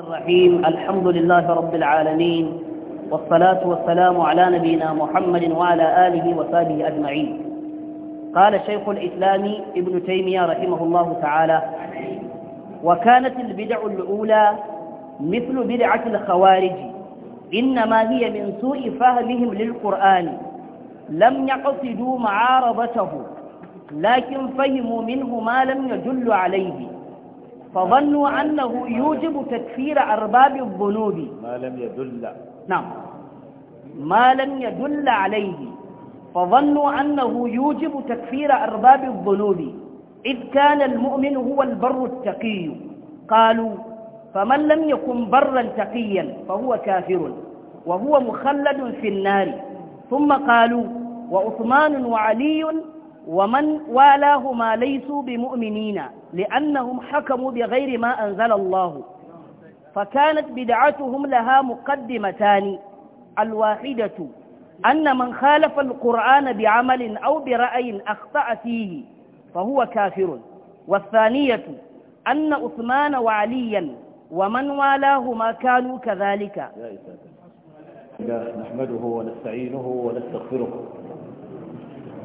الرحيم الحمد لله رب العالمين والصلاة والسلام على نبينا محمد وعلى آله وصحبه أجمعين قال شيخ الإسلام ابن تيمية رحمه الله تعالى وكانت البدع الأولى مثل بدعة الخوارج إنما هي من سوء فهمهم للقرآن لم يقصدوا معارضته لكن فهموا منه ما لم يدل عليه فظنوا أنه يوجب تكفير أرباب الذنوب ما لم يدل نعم ما لم يدل عليه فظنوا أنه يوجب تكفير أرباب الذنوب إذ كان المؤمن هو البر التقي قالوا فمن لم يكن برا تقيا فهو كافر وهو مخلد في النار ثم قالوا وعثمان وعلي ومن والاهما ليسوا بمؤمنين لأنهم حكموا بغير ما أنزل الله فكانت بدعتهم لها مقدمتان الواحدة أن من خالف القرآن بعمل أو برأي أخطأ فيه فهو كافر والثانية أن عثمان وعليا ومن والاهما كانوا كذلك نحمده ونستعينه ونستغفره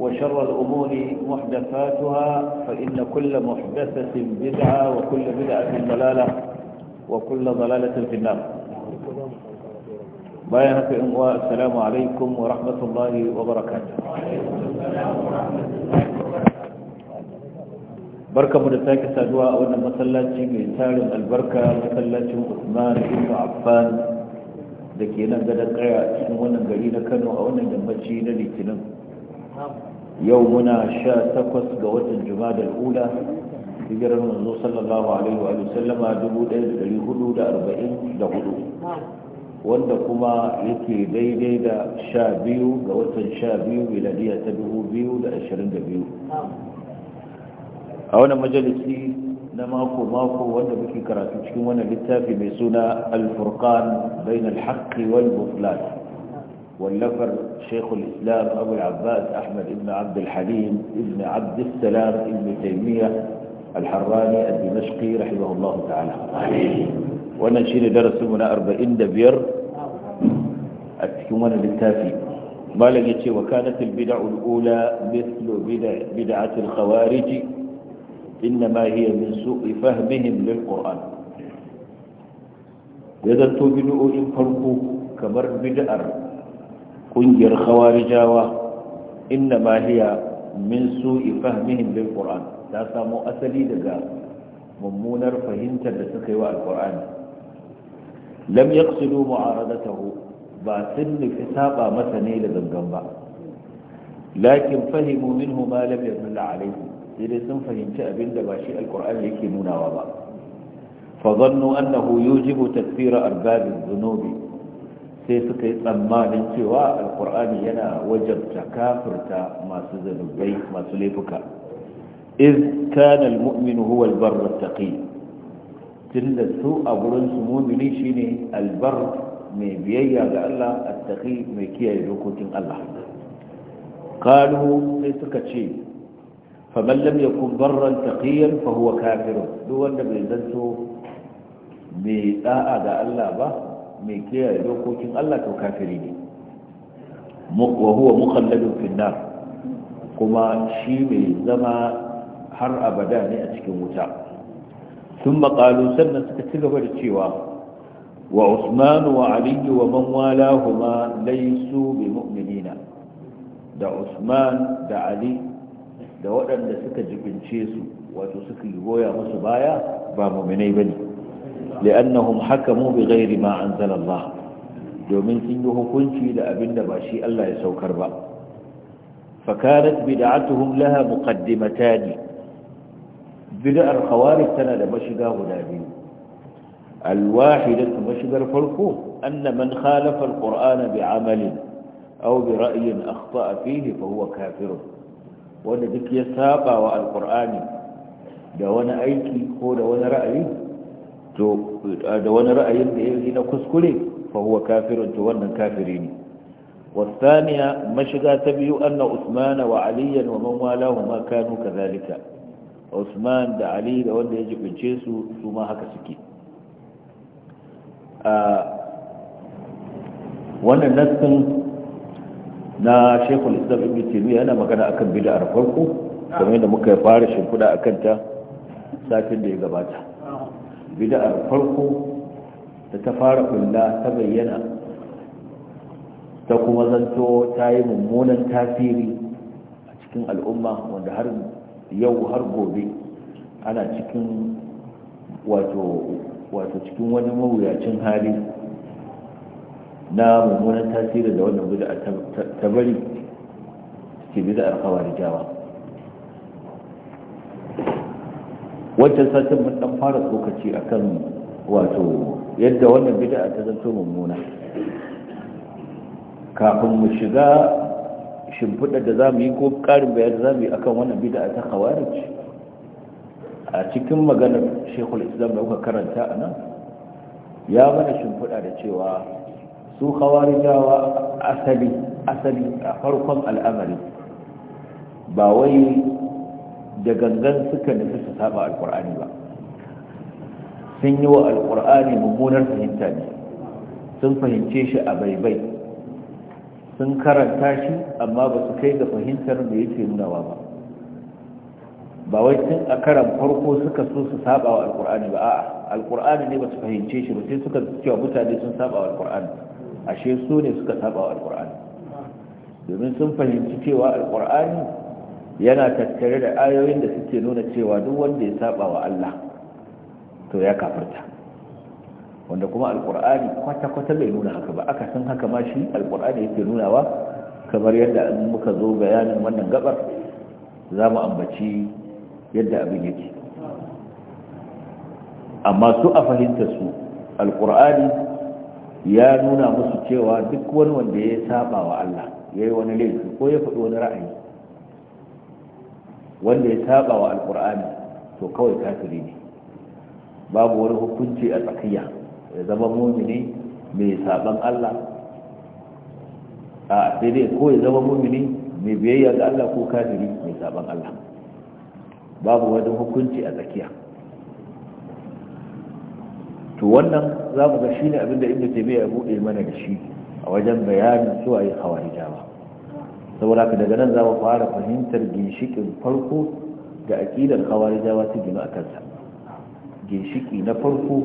وشر الأمور محدثاتها فإن كل محدثة بدعة وكل بدعة ضلالة وكل ضلالة في النار بيانك السلام عليكم ورحمة الله وبركاته بركة مدتاك سادواء وانا مسلاتي من سالم البركة مسلاتي عثمان بن عفان لكي ke nan gadon kaya a cikin wannan gari yau muna sha takwas ga watan jumada al'ula hijirar manzo sallallahu alaihi wa sallama dubu ɗaya da ɗari hudu da arba'in da hudu wanda kuma yake daidai da sha biyu ga watan sha biyu miladiya ta dubu biyu da ashirin da biyu a wani majalisi na mako-mako wanda muke karatu cikin wani littafi mai suna alfurkan bainal haqqi wal buflat واللفر شيخ الإسلام أبو العباس أحمد بن عبد الحليم بن عبد السلام بن تيمية الحراني الدمشقي رحمه الله تعالى وانا شيري درس من أربعين دبير أتكمنا بالتافي ما لقيت وكانت البدع الأولى مثل بدع بدعة الخوارج إنما هي من سوء فهمهم للقرآن يذا توبنوا إن فرقوا كمر بدأر kungiyar khawarijawa inna ma hiya min su'i fahmihim bil qur'an ta samu asali daga mummunar fahimtar da suka yi wa alquran lam yaqsidu mu'aradatahu ba sun nufi saba masa ne da gangan ba lakin fahimu minhu ma lam yadulla alayhi sai dai sun fahimci abin da ba shi alquran yake nunawa ba fa zannu annahu yujibu tafsira arbab adh-dhunubi sai suka yi tsammanin cewa alkur'ani yana wajabta kafirta masu zanubai masu laifuka iz kana almu'min huwa albar tunda su a gurin su mu'mini shine albar mai biyayya ga Allah attaqi mai kiyaye dokokin Allah qalu sai suka ce faman lam yakun barran taqiyan fa huwa kafir duk wanda bai zanto mai da'a ga Allah ba mai kiyaye dokokin Allah to kafiri ne wa huwa mukhalladun fi nar kuma shi mai zama har abada ne a cikin wuta sun maƙalu sannan suka ci gaba da cewa wa usman wa aliyu wa man walahuma laisu bi mu'minina da usman da ali da waɗanda suka jibince su wato suka yi goya musu baya ba mu'minai bane لأنهم حكموا بغير ما أنزل الله دومين سنجه كنشي لأبن باشي الله يسو كربا فكانت بدعتهم لها مقدمتان بدع الخوارج تنا لمشقا غنابين الواحدة مشقا الفلقو أن من خالف القرآن بعمل أو برأي أخطأ فيه فهو كافر وندك يساقى والقرآن دون أيكي قول ونرأيه to da wani ra'ayin da yayi na kuskure fa huwa kafirun to wannan kafiri ne anna usman wa ali wa man walahu ma kanu Kazalika. Usman da ali da wanda ya jibince su su ma haka suke wannan nassin na shekul islam ibn taymiya yana magana akan bid'ar farko kamar yadda muka fara shimfiɗa akan ta satin da ya gabata bida'ar farko da ta fara kulla ta bayyana ta kuma zanto ta yi mummunan tasiri a cikin al'umma wanda har yau har gobe ana cikin wato wato cikin wani mawuyacin hali na mummunan tasiri da wannan bid'a ta bari ke bid'ar kawarijawa wancan satin mun dan fara tsokaci kan wato yadda wannan bid'a ta zanto mummuna kafin mu shiga shimfiɗar da za mu yi ko ƙarin bayar da za mu yi akan wannan bid'a ta khawarij a cikin maganar shekul islam da kuka karanta a nan ya mana shimfiɗa da cewa su khawarijawa asali asali a farkon al'amari ba wai da gangan suka nufi su saba alkur'ani ba sun yi wa alkur'ani mummunar fahimta ne sun fahimce shi a baibai sun karanta shi amma ba su kai ga fahimtar da yake nunawa ba ba wai tun a karan farko suka so su saba wa alkur'ani ba a'a alkur'ani ne ba su fahimce shi ba sai suka cewa mutane sun saba wa alkur'ani ashe su ne suka saba wa alkur'ani domin sun fahimci cewa alkur'ani yana tattare da ayoyin da suke nuna cewa duk wanda ya saba wa Allah to ya kafarta wanda kuma alqur'ani kwata-kwata bai nuna haka ba aka san haka ma shi alkur'ani yake nuna wa kamar yadda an muka zo bayanin wannan gabar za mu ambaci yadda abin yake amma su a fahimta su alqur'ani ya nuna musu cewa duk wani wanda ya saba wa Allah yayi wani laifi ko ya faɗi wani ra'ayi wanda ya saba wa alkur'ani to kawai kafiri ne babu wani hukunci a tsakiya ya zama mumini mai saban Allah a sai dai ko ya zama mumini mai biyayya ga Allah ko kafiri mai saban Allah babu wani hukunci a tsakiya to wannan za mu ga ne abinda ibnu taymiya ya buɗe mana da shi a wajen bayanin hawa ayi ba. saboda ka daga nan za mu fara fahimtar ginshikin farko da aƙidar khawarijawa ta gina a kansa ginshiki na farko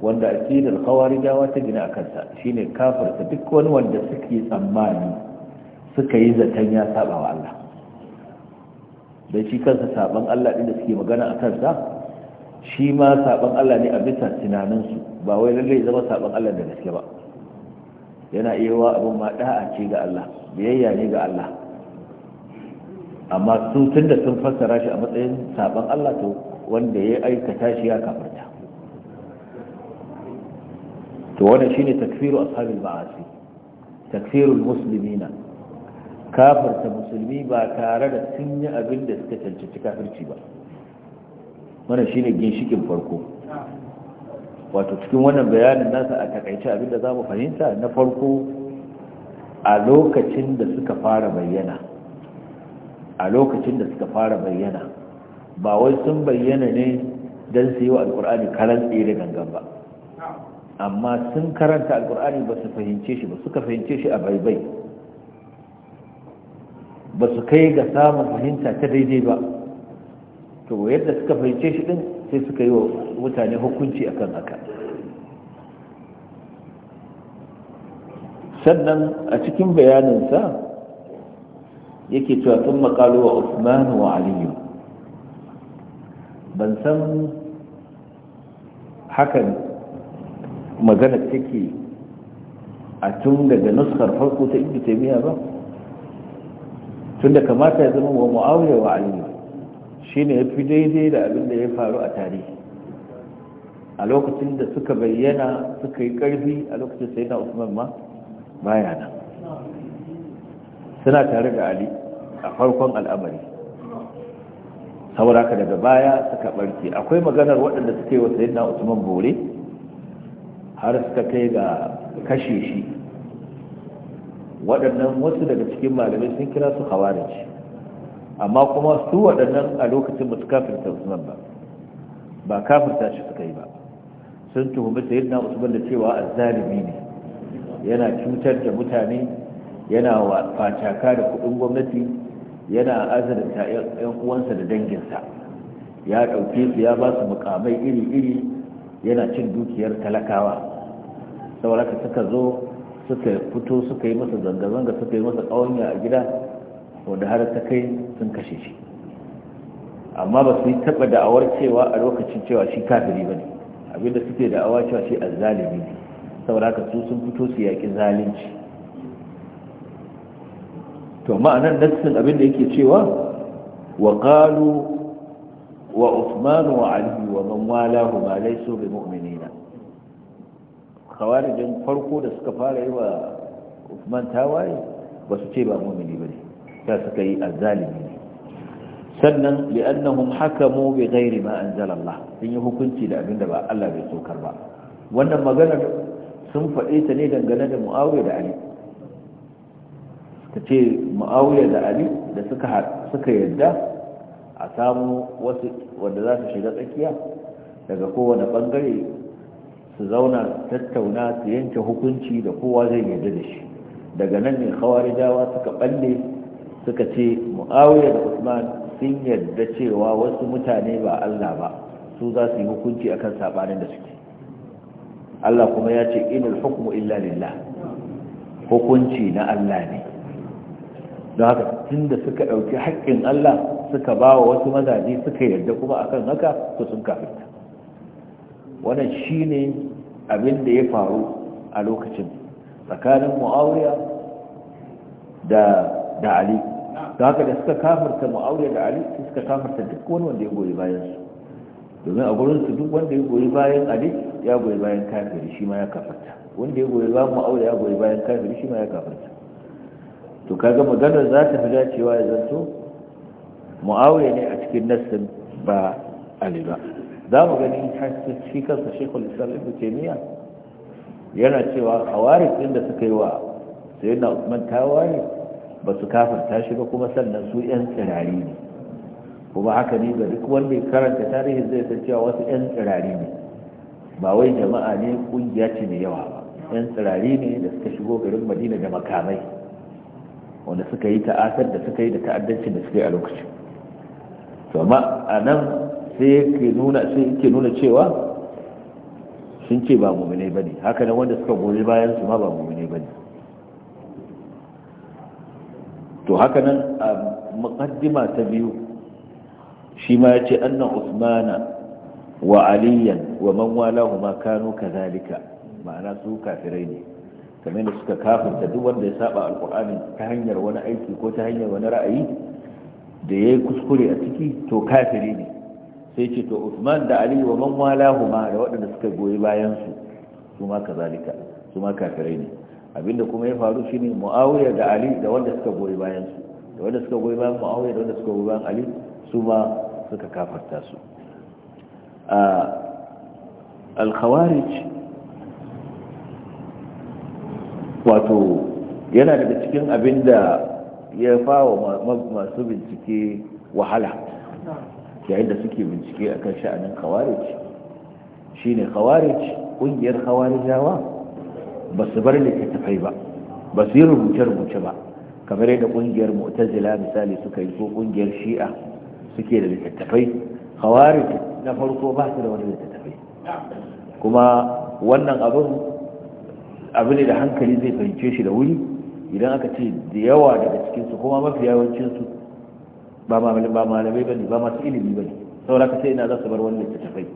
wanda aƙidar khawarijawa ta gina a kansa shine kafirta duk wani wanda suke tsammani suka yi zaton ya saba wa Allah da shi kansa saban Allah ɗin da suke magana a kansa shi ma saban Allah ne a bisa tunaninsu ba wai lallai zama saban Allah da gaske ba yana iya abin ma da'a ce ga Allah biyayya ne ga Allah amma su tun da sun fassara shi a matsayin saban Allah to wanda ya aikata shi ya kafarta to wannan shine takfiru ashabil ma'asi takfirul muslimina kafarta musulmi ba tare da sun yi abin da suka cancanci kafirci ba wannan shine ginshikin farko wato cikin wannan bayanin nasa a takaice abin da za mu fahimta na farko a lokacin da suka fara bayyana a lokacin da suka fara bayyana ba wai sun bayyana ne don su yi wa alkur'ani karan tsaye da gangan ba amma sun karanta alkur'ani ba su fahimce shi ba suka fahimce shi a baibai ba su kai ga samun fahimta ta daidai ba to yadda suka fahimce shi din sai suka yi wa mutane hukunci akan haka sannan a cikin bayaninsa yake cewa sun makalu wa Usman wa Aliyu ban san hakan magana take a tun daga nuskar farko ta ibnu taimiyya ba tun da kamata ya zama wa muawiya wa Aliyu shine fi daidai da abin da ya faru a tarihi a lokacin da suka bayyana suka yi karfi a lokacin sai na Usman ma baya nan suna tare da ali a farkon al'amari sauraka daga baya suka barke akwai maganar waɗanda suke wa sayyidina usman bore har suka kai ga kashe shi waɗannan wasu daga cikin malamai sun kira su khawarij amma kuma su waɗannan a lokacin ba su kafirta usman ba ba kafirta shi suka yi ba sun tuhumi sayyidina usman da cewa azzalimi ne yana cutar da mutane yana fataka da kudin gwamnati yana azurta 'yan uwansa da danginsa ya ɗauke su ya ba su mukamai iri-iri yana cin dukiyar talakawa saboda suka zo suka fito suka yi masa zanga-zanga suka yi masa ƙawanya a gida wanda har ta kai sun kashe shi amma ba su yi taɓa da'awar cewa a lokacin cewa shi kafiri ba ne abinda suke da'awa cewa shi azzalimi ne haka su sun fito su yaki zalunci to ma'anar nassin abin da yake cewa wa qalu wa Usman wa Ali wa man walahu ma laysu bi mu'minina khawarijin farko da suka fara yi wa Uthman tawaye ba su ce ba mu'mini bane ta suka yi azzalimi ne sannan li'annahum hakamu bi ghairi ma anzala Allah sun yi hukunci da abinda ba Allah bai sokar ba wannan maganar sun faɗe ta ne dangane da Muawiya da Ali ta ce ma'auya da ali da suka yadda a samu wasu wanda za su shiga tsakiya daga kowane bangare su zauna tattauna su yanke hukunci da kowa zai yadda da shi daga nan ne kawar khawarijawa suka balle suka ce ma'auya da usman sun yadda cewa wasu mutane ba allah ba su za su yi hukunci akan sabanin da suke allah kuma ya ce inal hukmu illa lillah hukunci na allah ne don haka tun da suka ɗauki haƙƙin Allah suka ba wa wasu mazaje suka yarda kuma akan haka to sun kafirta wannan shi ne abin da ya faru a lokacin tsakanin mu'auriya da da ali don haka da suka kafirta mu'auriya da ali suka kafirta duk wani wanda ya goyi bayansu domin a gurinsu duk wanda ya goyi bayan ali ya goyi bayan kafiri shi ma ya kafirta wanda ya goyi bayan mu'auriya ya goyi bayan kafiri shi ma ya kafirta to kaga maganar za ta fi dacewa ya zanto mu'awiya ne a cikin nassin ba ali ba za mu gani shi kansa shekul islam ibn yana cewa a din da suka yi wa na usman tawaye ba su kafarta shi ba kuma sannan su yan tsirari ne kuma haka ne ga duk wanda ya karanta tarihin zai san cewa wasu yan tsirari ne ba wai jama'a ne kungiya ce mai yawa ba yan tsirari ne da suka shigo garin madina da makamai wanda suka yi ta'asar da suka yi da ta'addanci da suka yi a lokacin to amma a nan sai yake nuna sai yake nuna cewa sun ce ba muminai bane haka nan wanda suka goyi bayan su ma ba muminai bane to haka nan a muqaddima ta biyu shi ma ya ce anna usmana wa aliyan wa man ma kanu kadhalika ma'ana su kafirai ne kamar da suka kafinta duk wanda ya saba alkur'ani ta hanyar wani aiki ko ta hanyar wani ra'ayi da ya yi kuskure a ciki to kafiri ne sai ce to usman da ali wa man walahuma da waɗanda suka goyi bayan su su ma kazalika su ma kafirai ne abinda kuma ya faru shine muawiya da ali da wanda suka goyi bayan su da wanda suka goyi bayan muawiya da wanda suka goyi bayan ali su ma suka kafarta su al-khawarij wato yana daga cikin abin da ya fawa masu bincike wahala yayin da suke bincike a kan sha'anin khawarij shi ne khawarij ƙungiyar khawarijawa ba su bar littattafai ba ba su yi rubuce-rubuce ba kamar yadda ƙungiyar mu'tazila misali suka yi ko ƙungiyar shi'a suke da littattafai khawarij na farko ba su da wani littattafai kuma wannan abin abu ne da hankali zai fahimce shi da wuri idan aka ce da yawa daga cikinsu kuma mafi yawancinsu ba malamai ba ne ba masu ilimi ba ne sauraka sai ina za su bar wani littattafai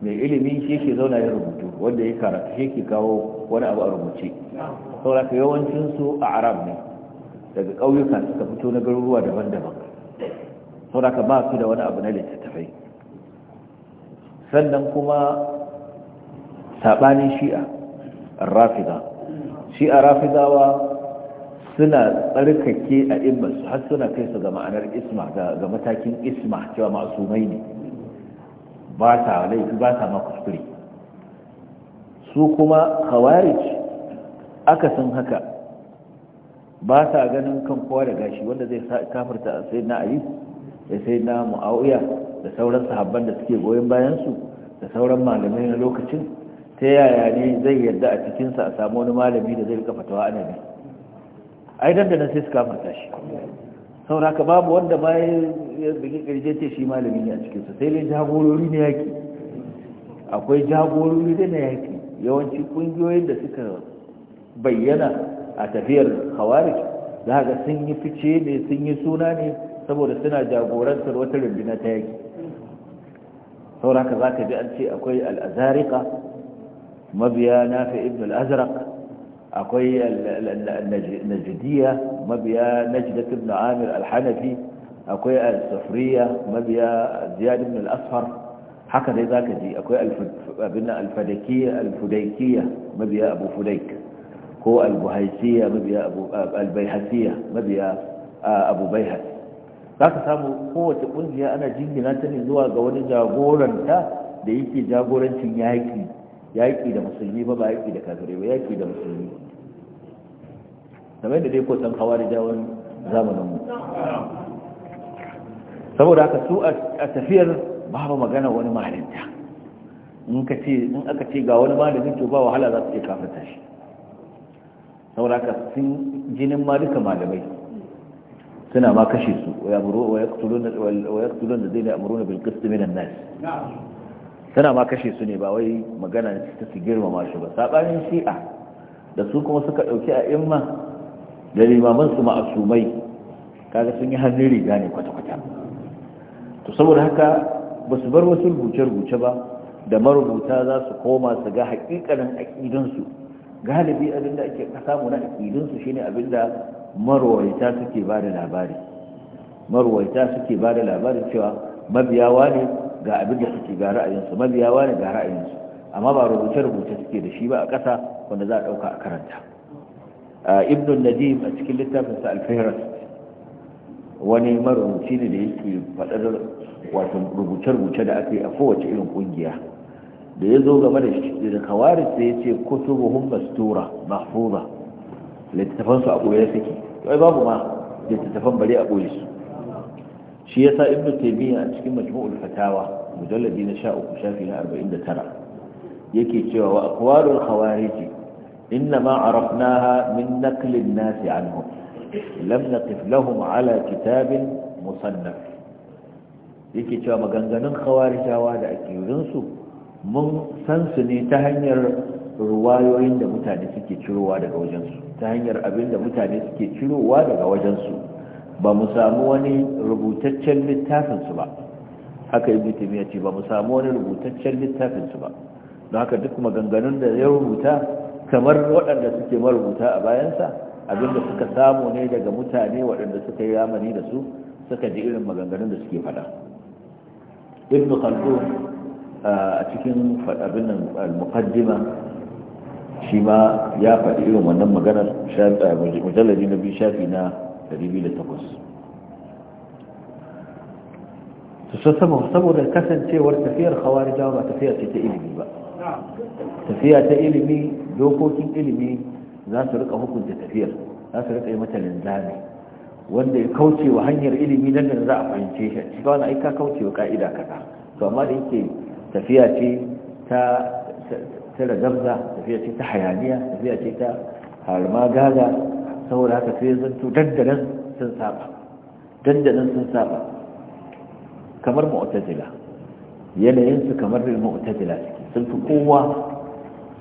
mai ilimi shi ke zauna ya rubutu wanda ya karatu shi ke kawo wani abu a rubuce sauraka yawancinsu a arab ne daga ƙauyuka suka fito na garuruwa daban-daban sauraka ba su da wani abu na littattafai sannan kuma saɓanin shi'a rafida shi a rafidawa suna tsarkake a imbansu har suna kai su ga ma'anar isma ga matakin isma cewa masumai ne ba ta laifi ba su kuma khawarij akasin haka ba ta ganin kan kowa da gashi wanda zai kafarta sai na ali da sai na mu'awiya da sauran sahabban da suke goyon bayansu da sauran malamai na lokacin ta yaya ne zai yarda a cikinsa a samu wani malami da zai kafa tawa ana biyu ai dan da sai suka mata shi saboda haka babu wanda ma ya bigi ce shi malami ne a cikinsa sai dai jagorori na yaki akwai jagorori da na yaki yawanci kungiyoyin da suka bayyana a tafiyar khawarij za ga sun yi fice ne sun yi suna ne saboda suna jagorantar wata rundunar ta yaki saboda haka za ka ji an ce akwai al'azarika mabiya nafi ibn al-azraq akwai najidiyya mabiya najdat ibn amir al-hanafi akwai al-safriya mabiya ziyad ibn al-asfar haka dai zaka ji akwai al-fadakiyya al-fudaykiyya mabiya abu fudayk ko al buhaisiya mabiya al baihasiya mabiya abu Za ka samu kowace ƙungiya ana jingina ta ne zuwa ga wani jagoranta da yake jagorancin yaki yaƙi da musulmi ba ba yaƙi da kafirai ba yaƙi da musulmi kamar da dai ko san hawa da jawon zamanin mu saboda haka su a tafiyar babu magana wani malinta in ka ce in aka ce ga wani malamin to ba wahala za su iya kafirta shi saboda haka sun jinin ma duka malamai suna ma kashe su wa yaqtuluna wa yaqtuluna zai ne amuruna bil qist min an tana ma kashe su ne ba wai magana ta su girmama shi ba sabanin shi'a da su kuma suka ɗauki a imma da limaman su ma'asumai kaga sun yi hannun riga ne kwata-kwata to saboda haka ba su bar wasu rubuce-rubuce ba da marubuta za su koma su ga haƙiƙanin aƙidinsu galibi abin da ake samu na aƙidinsu shine abin da marwaita suke ba da labari marwaita suke ba da labarin cewa mabiyawa ne ga abin da suke ga ra'ayinsu mabiyawa ne ga ra'ayinsu amma ba rubuce-rubuce suke da shi ba a ƙasa wanda za a ɗauka a karanta ibn nadim a cikin littafin sa alfahras wani marubuci ne da yake faɗar wato rubuce-rubuce da aka yi a kowace irin ƙungiya da ya zo game da shi da kawaris da ya ce kutubuhum mastura mahfuza littattafansu a ɓoye suke to ai babu ma littattafan bare a ɓoye su shi yasa ibnu taymiya a cikin majmu'ul fatawa mujalladi na 13 shafi na 49 yake cewa wa aqwalul khawarij إنما عرفناها من نقل الناس عنهم لم نقف لهم على كتاب مصنف yake cewa maganganun hawarijawa da ake yurinsu mun san su ne ta hanyar ruwayoyin da mutane suke cirowa daga wajensu ta hanyar abin da mutane suke cirowa daga wajensu ba mu samu wani rubutaccen littafinsu ba haka ibn ya ce ba mu samu wani rubutaccen littafinsu ba don haka duk maganganun da ya rubuta kamar waɗanda suke marubuta a bayansa abinda suka samu ne daga mutane waɗanda suka yi ramani da su suka ji irin maganganun da suke faɗa ibn khaldun a cikin abin al-muqaddima shi ma ya faɗi irin wannan maganar mujallaji na biyu shafi na 208 saboda kasancewar tafiyar khawarijawa ba tafiya ce ta ilimi ba tafiya ta ilimi dokokin ilimi za su rika hukunta tafiyar za su rika yi mata linzami wanda ya kauce wa hanyar ilimi nan da za a fahimce shi cikin wani aika kauce wa ka'ida kaza to amma da yake tafiya ce ta ta tafiya ce ta hayaniya tafiya ce ta harma gaza saboda haka sai to dandanan sun saba dandanan sun saba kamar mu'tazila yanayin su kamar mu'tazila sun fi kowa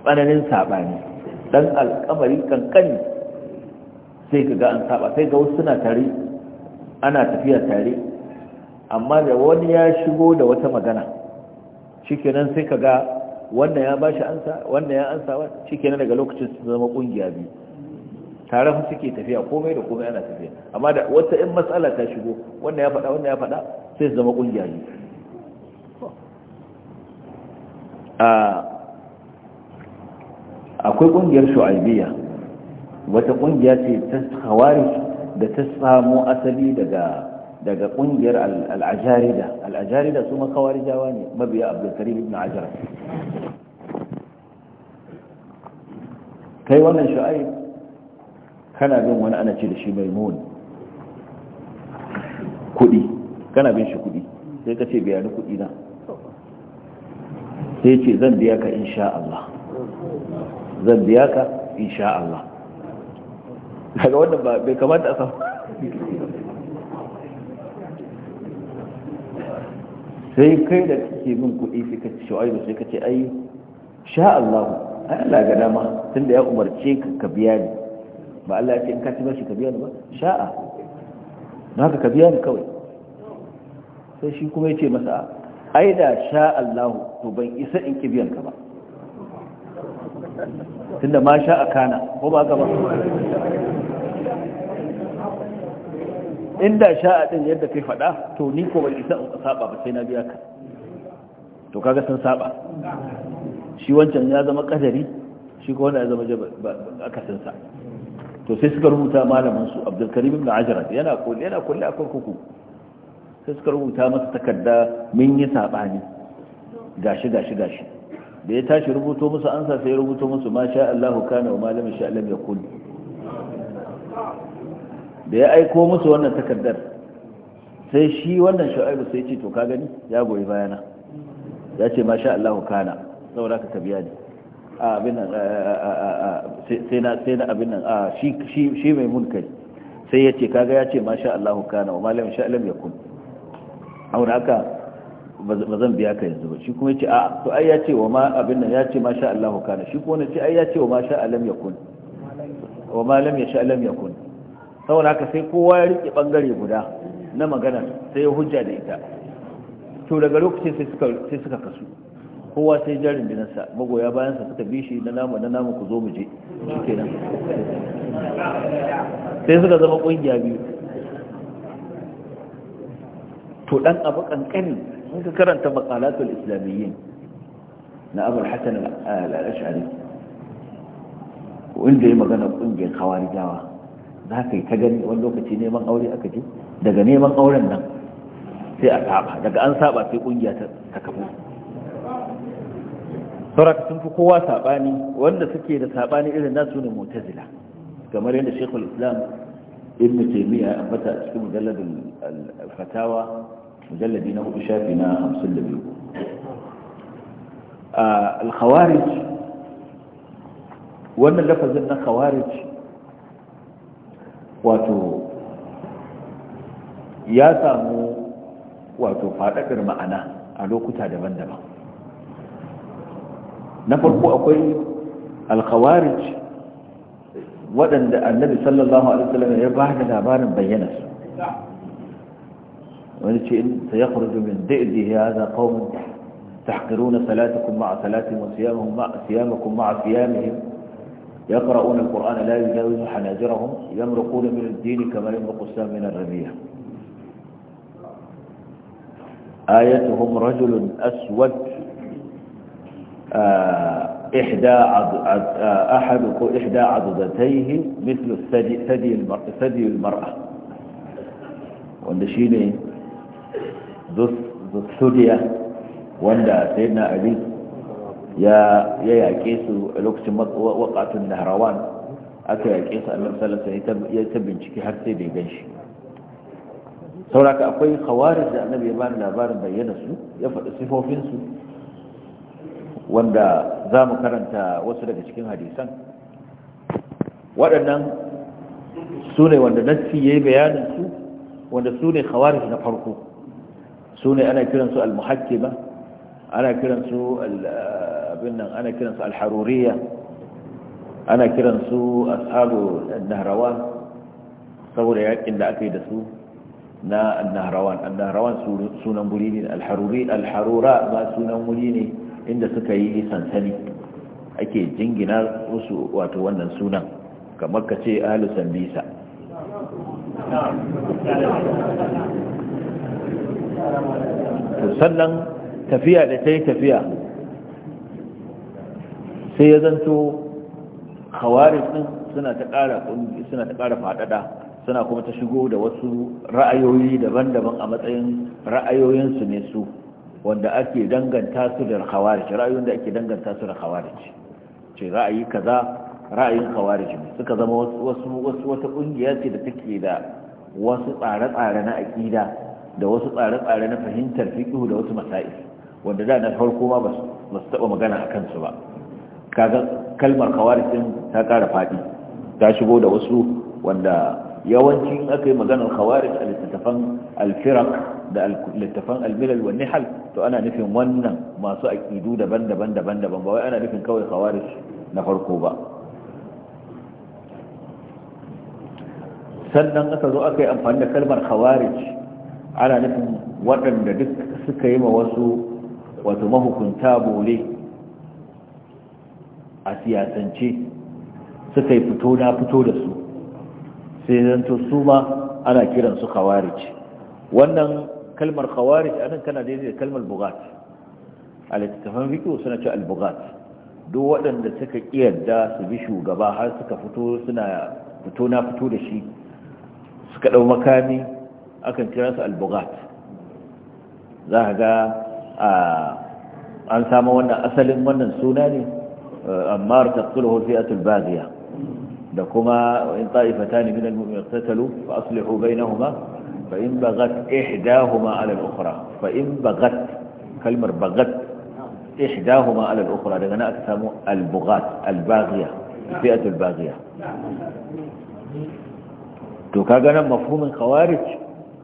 tsananin sabani dan alkamari kankani sai ka ga an saba sai ga wasu suna tare ana tafiya tare amma da wani ya shigo da wata magana shikenan sai ka ga wannan ya bashi ansa wannan ya ansa wa shikenan daga lokacin su zama kungiya biyu tare su suke tafiya komai da komai ana tafiya amma da wata in matsala ta shigo wannan ya faɗa wannan ya faɗa sai su zama ƙungiya ne akwai ƙungiyar shu'aibiyya wata ƙungiya ce ta hawari da ta samo asali daga daga ƙungiyar al'ajarida al'ajarida su makawarijawa ne mabiya abdulkarim ibn ajara kai wannan shu'aib kana bin wani ana ce da shi mai maimun kudi kana bin shi kudi sai ka ce bayani kudi na sai ce zan biya ka insha Allah zan biya ka insha Allah daga wannan ba bai kamata a samu sai kai da kake min kudi sai ka ce shawai sai ka ce ayi. sha Allah ai Allah ga dama tunda ya umarce ka ka biya ni ba Allah ya ce in ka ci bashi ka biya ni ba sha'a don haka ka biya ni kawai sai shi kuma ya ce masa ai da sha Allah to ban isa in ki biyan ka ba tunda ma sha a kana ko ba ka ba inda sha a din yadda kai faɗa to ni ko ban isa in saba ba sai na biya ka to kaga san saba shi wancan ya zama kadari shi ko wanda ya zama akasinsa to sai suka rubuta malamin su abdulkarim ibn ajrat yana kulle yana kulle a kurkuku sai suka rubuta masa takarda mun yi sabani gashi gashi gashi da ya tashi rubuto musu ansa sai ya rubuto musu ma sha Allahu kana wa malamin sha Allah ya kulli da ya aiko musu wannan takardar sai shi wannan shu'aibu sai ce to ka gani ya goyi bayana ya ce ma sha Allahu kana saboda ka biya ni abin nan sai na sai na abin nan shi shi mai munkari sai ya ce kaga ya ce masha Allah kana wa malam sha Allah yakun aure haka ba zan biya ka yanzu ba shi kuma ya ce a to ai ya ce wa ma abin nan ya ce masha Allah kana shi kuma ne ce ai ya ce wa masha Allah yakun wa malam ya sha Allah yakun saboda haka sai kowa ya rike bangare guda na magana sai ya hujja da ita to daga lokacin sai suka sai suka kasu kowa sai jarin binansa magoya bayansa suka bi shi na namu na namu ku zo mu je nan. sai suka zama ƙungiya biyu to dan abu kankani in ka karanta maqalatul islamiyyin na Abu Hassan al-Ash'ari wanda ya magana kungiyar khawarijawa za ka yi ta gani wani lokaci neman aure aka je daga neman auren nan sai a saba daga an saba sai ƙungiya ta kafu sauraka sun fi kowa saɓani wanda suke da saɓani irin nasu ne mutazila kamar yadda shekul islam ibn taimiyya ambata a cikin mujalladin fatawa mujalladi na hudu shafi na hamsin da biyu alkhawarij wannan lafazin na khawarij wato ya samu wato faɗaɗar ma'ana a lokuta daban-daban na farko akwai alkhawarij waɗanda annabi sallallahu alaihi wasallam ya ba da labarin bayyana su wani ce in ta ya kurdu min daidai ya za kawun tahkiruna salatakun ma'a salatin wa siyamakun ma'a siyamihim ya ƙara'una alƙur'ana la yi jawo hanajirahun ya murkuna min dini kamar yin makusa min rabiya آيتهم رجل أسود إحدى أحد إحدى عضدتيه مثل ثدي ثدي المرأة wanda shi ne zussuriya wanda sayyidina ali ya yaƙe su a lokacin waƙatun naharawan aka yaƙe su annabi sallallahu ya ta bincike har sai bai gan shi sauraka akwai khawarij da annabi ya bani labarin bayyana su ya faɗi sifofinsu wanda za mu karanta wasu daga cikin hadisan waɗannan su ne wanda nassi ya yi bayaninsu wanda su ne khawarij na farko su ne ana kiransu al-muhakkima ana kiransu abinnan ana kiransu al-haruriya ana kiransu ashabu nahrawan saboda yakin da aka yi da su na nahrawan nahrawan sunan guri ne al-harura ba sunan guri ne inda suka yi sansani ake jingina wasu wato wannan sunan kamar ka ce ahalu sambisa sannan tafiya da ta yi tafiya sai ya zanto khawarij suna ta ƙara suna ta ƙara faɗaɗa suna kuma ta shigo da wasu ra'ayoyi daban-daban a matsayin ra'ayoyinsu ne su wanda ake danganta su da khawarij ra'ayi da ake danganta su da khawarij ce ra'ayi kaza ra'ayin khawarij suka zama wasu wasu wata kungiya ce da take da wasu tsare-tsare na aqida da wasu tsare-tsare na fahimtar fiqh da wasu masail wanda da na farko ma ba su taba magana akan su ba kaga kalmar khawarij din ta kara fadi ta shigo da wasu wanda yawancin aka yi maganar khawarij a littattafan al-firaq da littafan albilal wa nihal to ana nufin wannan masu aqidu daban-daban daban-daban ba wai ana nufin kawai khawarij na farko ba sannan aka zo aka yi amfani da kalmar khawarij ana nufin waɗanda duk suka yi ma wasu wato mahukunta bole a siyasance suka yi fito na fito da su sai zanto su ma ana kiransu khawarij wannan كلمة الخوارج أنا كان أديني كلمة البغات على تفهم فيك وسنة البغات دو وقتاً لسك إيان دا سبشو قباها سك فتو سنة فتونا فتو لشي سك لو مكاني أكن كراس البغات ذاهقا أن سامة وانا أسل من سوناني أمار تقتله الفئة الباغية لكما وإن طائفتان من المؤمنين اقتتلوا فأصلحوا بينهما فإن بغت إحداهما على الأخرى فإن بغت كلمة بغت إحداهما على الأخرى ل أ البغات الباغية الفئة الباغية ا ل مفهوم الخوارج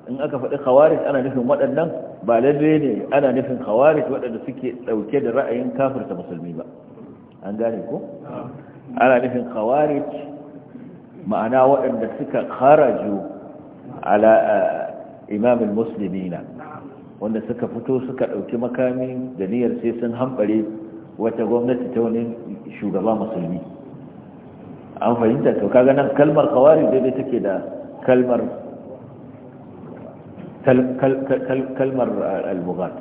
إن ن الخوارج أنا نفهم و ا ت ا نفهم خوارج و ا لو كان ر أ ي كافر كمسلمين ان ذ ل نفهم خوارج معناه و ا ت خرجوا ala imamul muslimina wanda suka fito suka ɗauki makami da niyyar sai sun hambare wata gwamnati ta wani shugaba musulmi an fahimta to kaga nan kalmar kawari daidai take da kalmar kalmar al-bugat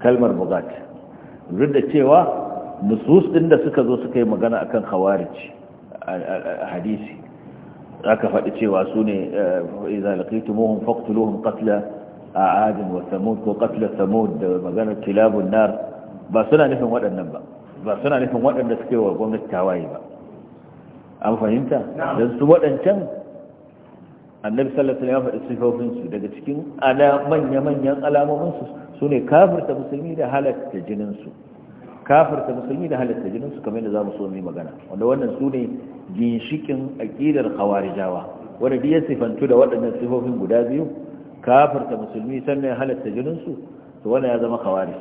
kalmar bugat duk cewa nusus din da suka zo suka yi magana akan khawarij hadisi aka faɗi cewa su ne eh, iza laqitumuhum faqtuluhum qatla a'ad wa samud ko qatla samud da maganar kilabun nar ba suna nufin waɗannan ba ba suna nufin waɗanda suke wa gwamnati tawaye ba an fahimta don su waɗancan annabi sallallahu alaihi ya faɗi sifofin su daga cikin ala manya manyan alamomin su ne kafirta musulmi da halatta jinin kafirta musulmi da jinin su kamar yadda za mu so mu magana wanda wannan su ne ginshikin aƙidar khawarijawa wanda dai ya sifantu da waɗannan sifofin guda biyu kafirta musulmi sannan jinin su to wannan ya zama khawarij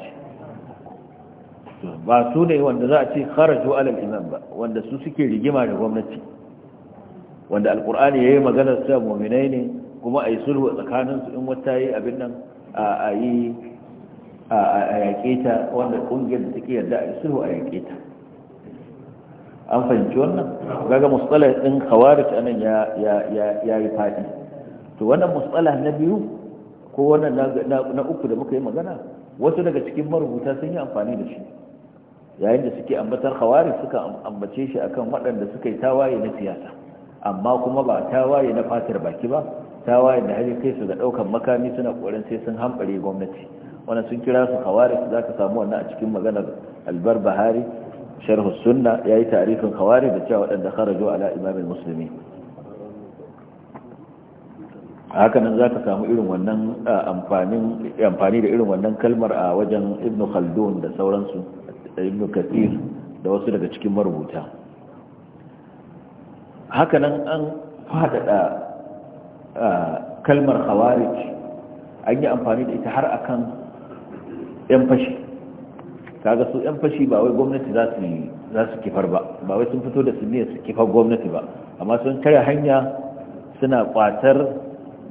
ba su ne wanda za a ce kharaju alal imam ba wanda su suke rigima da gwamnati wanda alqur'ani yayi magana cewa mu'minai ne kuma ayi sulhu tsakaninsu in wata yi abin nan a yi a yaƙe ta wanda ƙungiyar da take yarda a sulhu a yaƙe ta an fahimci wannan gaga mustalah ɗin kawarit anan ya ya yi faɗi to wannan mustalah na biyu ko wannan na uku da muka yi magana wasu daga cikin marubuta sun yi amfani da shi yayin da suke ambatar khawarij suka ambace shi akan waɗanda suka yi tawaye na siyasa amma kuma ba tawaye na fatar baki ba tawaye da hajji kai su ga ɗaukar makami suna ƙoran sai sun hamɓare gwamnati wanda sun kira su khawarij za ka samu wannan a cikin maganar albar bahari sharh sunna ya yi tarifin khawarij da cewa waɗanda kharajo ala imamin musulmi haka nan za ka samu irin wannan amfani da irin wannan kalmar a wajen ibn khaldun da sauransu ibn kathir da wasu daga cikin marubuta haka nan an fadada kalmar khawarij an yi amfani da ita har akan yan fashi kaga su yan fashi ba wai gwamnati za su kifar ba ba wai sun fito da su ne su kifar gwamnati ba amma sun tare hanya suna kwatar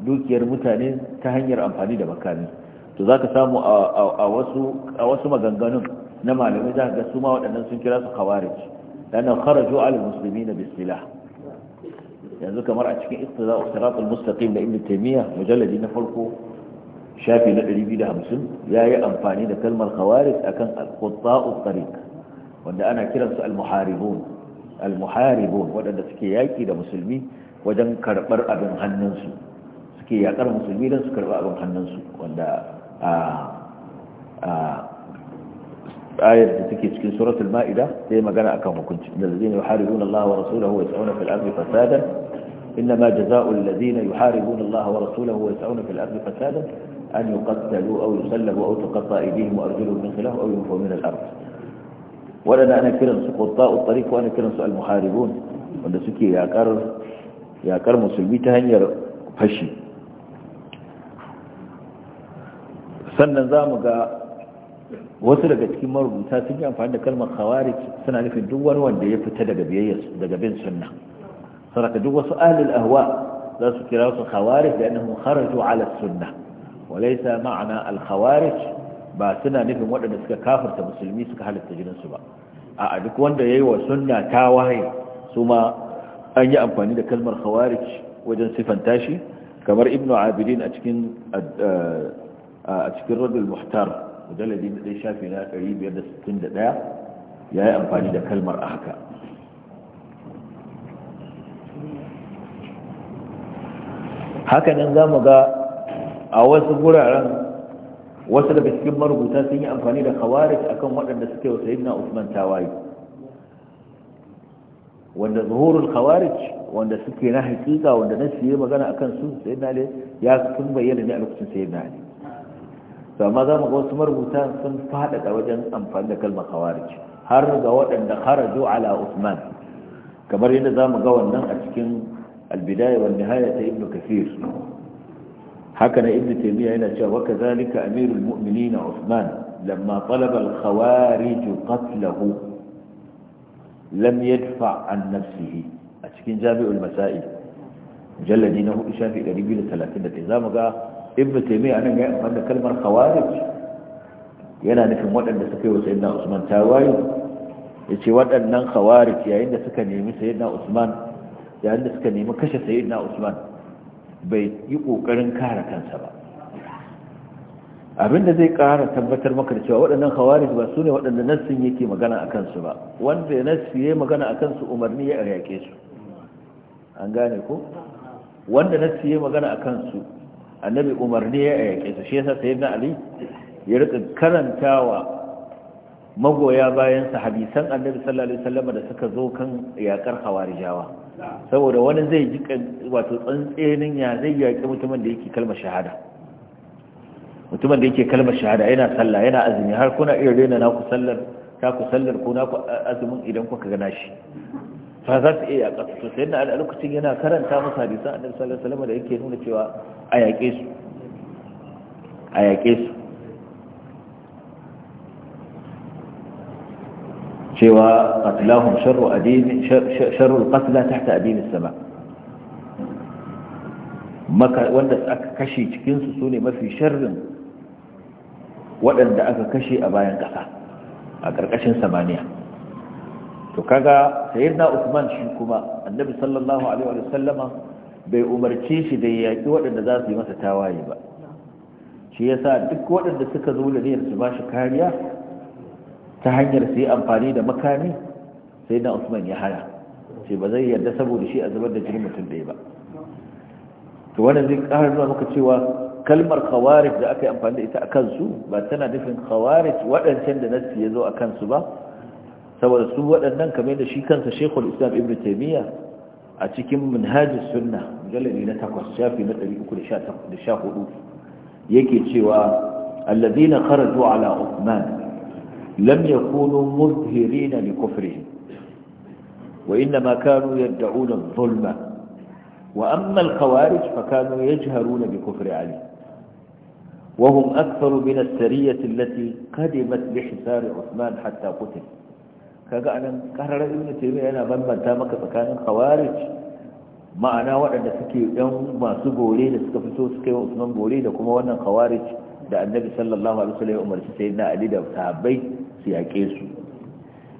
dukiyar mutane ta hanyar amfani da makami to zaka samu a wasu a maganganun na malamai za ga su ma waɗannan sun kira su khawarij lana kharaju al muslimina na silah yanzu kamar a cikin iqtida sirat al mustaqim da ibn taymiyyah mujalladi na farko shafi na 250 ya yi amfani da kalmar khawarij akan al-qutta'u tariq wanda ana kiransu al-muharibun al-muharibun waɗanda suke yaƙi da musulmi wajen karɓar abin hannunsu suke yaƙar musulmi don su karɓar abin hannunsu wanda a a ayar da take cikin suratul ma'ida sai magana akan hukunci da zai yuharibun Allah wa rasuluhu, wa yas'una fil ardi fasadan inma jazaa'u alladhina yuharibun Allah wa rasuluhu, wa yas'una fil ardi fasadan أن يقتلوا أو يسلبوا أو تقطع أيديهم وأرجلهم من خلاف أو ينفوا من الأرض ولنا أنا كرنس قطاء الطريق وأنا كرنس المحاربون wanda suke yakar musulmi ta hanyar fashi sannan za mu ga wasu daga cikin marubuta sun yi amfani da kalmar khawarij suna nufin duk wanda ya fita daga biyayyarsu daga bin sunna saraka duk wasu ahlul ahwa za su kira da annahum kharaju ala sunna walaisa ma'ana alkhawarij ba suna nufin waɗanda suka kafarta musulmi suka halatta jininsu ba a duk wanda ya yi wa sunna ta su ma an yi amfani da kalmar khawarij wajen sifanta shi kamar ibnu abidin a cikin radul muhtar mujalladi na ɗaya shafi na 561 ya yi amfani da kalmar a haka hakanan za mu ga a wasu guraren wasu daga cikin marubuta sun yi amfani da khawarij akan waɗanda suke wa sayyidina Usman tawaye wanda zuhurul khawarij wanda suke na hakika wanda na siye magana akan su sayyidina Ali ya sun bayyana ne a lokacin sayyidina Ali to amma za mu ga wasu marubuta sun faɗaɗa wajen amfani da kalmar khawarij har ga waɗanda kharaju ala Usman kamar yadda za mu ga wannan a cikin al-bidaya wan nihaya ta Ibn Kathir haka na ibnu taymiya yana cewa wa kadhalika amirul mu'minin usman lamma talaba al khawarij qatlahu lam yadfa an nafsihi a cikin jami'ul masail mujalladi na 4 shafi 231 zamu ga ibnu taymiya anan ga amfani da kalmar khawarij yana nufin waɗanda suka yi wa sayyidina usman tawaye ce waɗannan khawarij yayin da suka nemi sayyidina usman yayin da suka nemi kashe sayyidina usman bai yi ƙoƙarin kare kansa ba abinda zai ƙara tabbatar maka da cewa waɗannan khawarij ba su ne waɗanda nassin yake magana a kansu ba wanda nassi ya magana a kansu umarni ya yaƙe su an gane ko wanda nassi ya magana a kansu annabi umarni ya yaƙe su shi yasa sayyidina ali ya rika karantawa magoya bayan sa hadisan annabi sallallahu alaihi wasallam da suka zo kan yaƙar khawarijawa saboda wani zai ji wato tsantsenin ya zai yaƙi mutumin da yake kalmar shahada mutumin da yake kalmar shahada yana sallah yana azumi har kuna iya rena naku sallar ku sallar ko naku azumin idan kuka gana shi fa za su iya yaƙa su sai na a lokacin yana karanta masa hadisan annabi sallallahu alaihi wasallam da yake nuna cewa a yaƙe su a yaƙe su cewa qatlahum sharru adin sharru alqatla tahta sama maka wanda aka kashe cikinsu su ne mafi sharrin waɗanda aka kashe a bayan ƙasa a ƙarƙashin samaniya to kaga sayyidina Usman shi kuma annabi sallallahu alaihi wa bai umarci shi da yaƙi waɗanda za su yi masa tawaye ba shi yasa duk waɗanda suka zo da niyyar su ba shi kariya ta hanyar su yi amfani da makami sai na usman ya hana sai ba zai yarda saboda shi a zubar da jinin mutum ɗaya ba to wannan zai ƙara zuwa maka cewa kalmar khawarij da aka yi amfani da ita a kansu ba tana nufin khawarij waɗancan da nassi ya zo a kansu ba saboda su waɗannan kamar da shi kansa shekul islam ibn taimiyya a cikin manhajis sunna mujallari na takwas shafi na 314 yake cewa allazina kharaju ala usman لم يكونوا مظهرين لكفرهم وإنما كانوا يدعون الظلم وأما الخوارج فكانوا يجهرون بكفر علي وهم أكثر من السرية التي قدمت بحسار عثمان حتى قتل كان كهرر ابن تيمية أنا من من تامك فكان الخوارج معنا وعند سكي يوم ما سبو لي لسك فسو سكي عثمان بولي لكم وانا الخوارج لأن النبي صلى الله عليه وسلم أمر سيدنا علي دو تابيت su su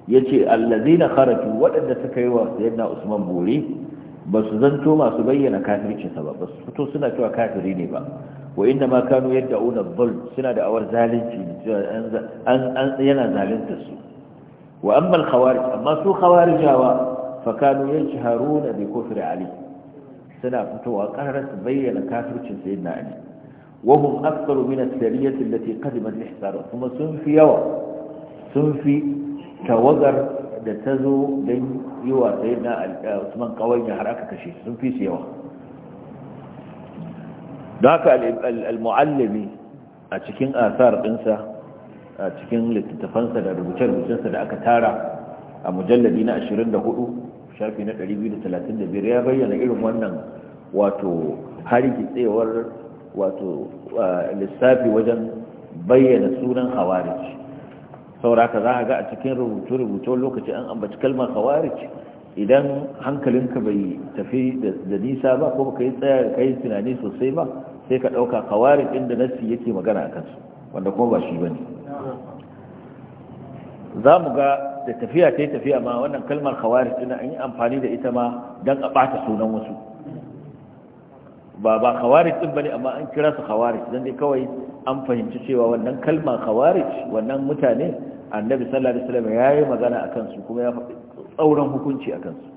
ya ce allazi na waɗanda suka yi wa na usman bore ba su zanto masu bayyana kafircinsa ba ba su fito suna cewa kafiri ne ba wa inda ma kanu yadda una zulm suna da awar zalunci an yana zalunta su wa amma al-khawarij amma su khawarijawa fa kanu yajharuna bi kufri ali suna fitowa karar su bayyana kafircin sayyidina ali وهم ya من السرية التي قدمت الإحسان kuma sun fi yawa. sun fi tawagar da ta zo don yi wa sai na usman kawanya har aka kashe sun fi su yawa don haka al a cikin asar ɗinsa a cikin littattafansa da rubuce-rubucensa da aka tara a mujalladi na 24 shafi na ya bayyana irin wannan wato hargitsewar lissafi wajen bayyana sunan hawarici saboda za a ga a cikin rubutu-rubutu lokaci an ambaci kalmar khawarij idan hankalinka bai tafi da nisa ba ko ka yi tsaya ka yi tunani sosai ba sai ka ɗauka khawarij inda nassi yake magana a kansu wanda kuma ba shi ba ne za mu ga da tafiya ta yi tafiya ma wannan kalmar khawarij ina an yi amfani da ita ma don a ɓata sunan wasu ba ba khawarij din bane amma an kira su khawarij dan dai kawai an fahimci cewa wannan kalma khawarij wannan mutane annabi sallallahu alaihi wasallam yayi magana akan su kuma ya faɗi tsauran hukunci akan su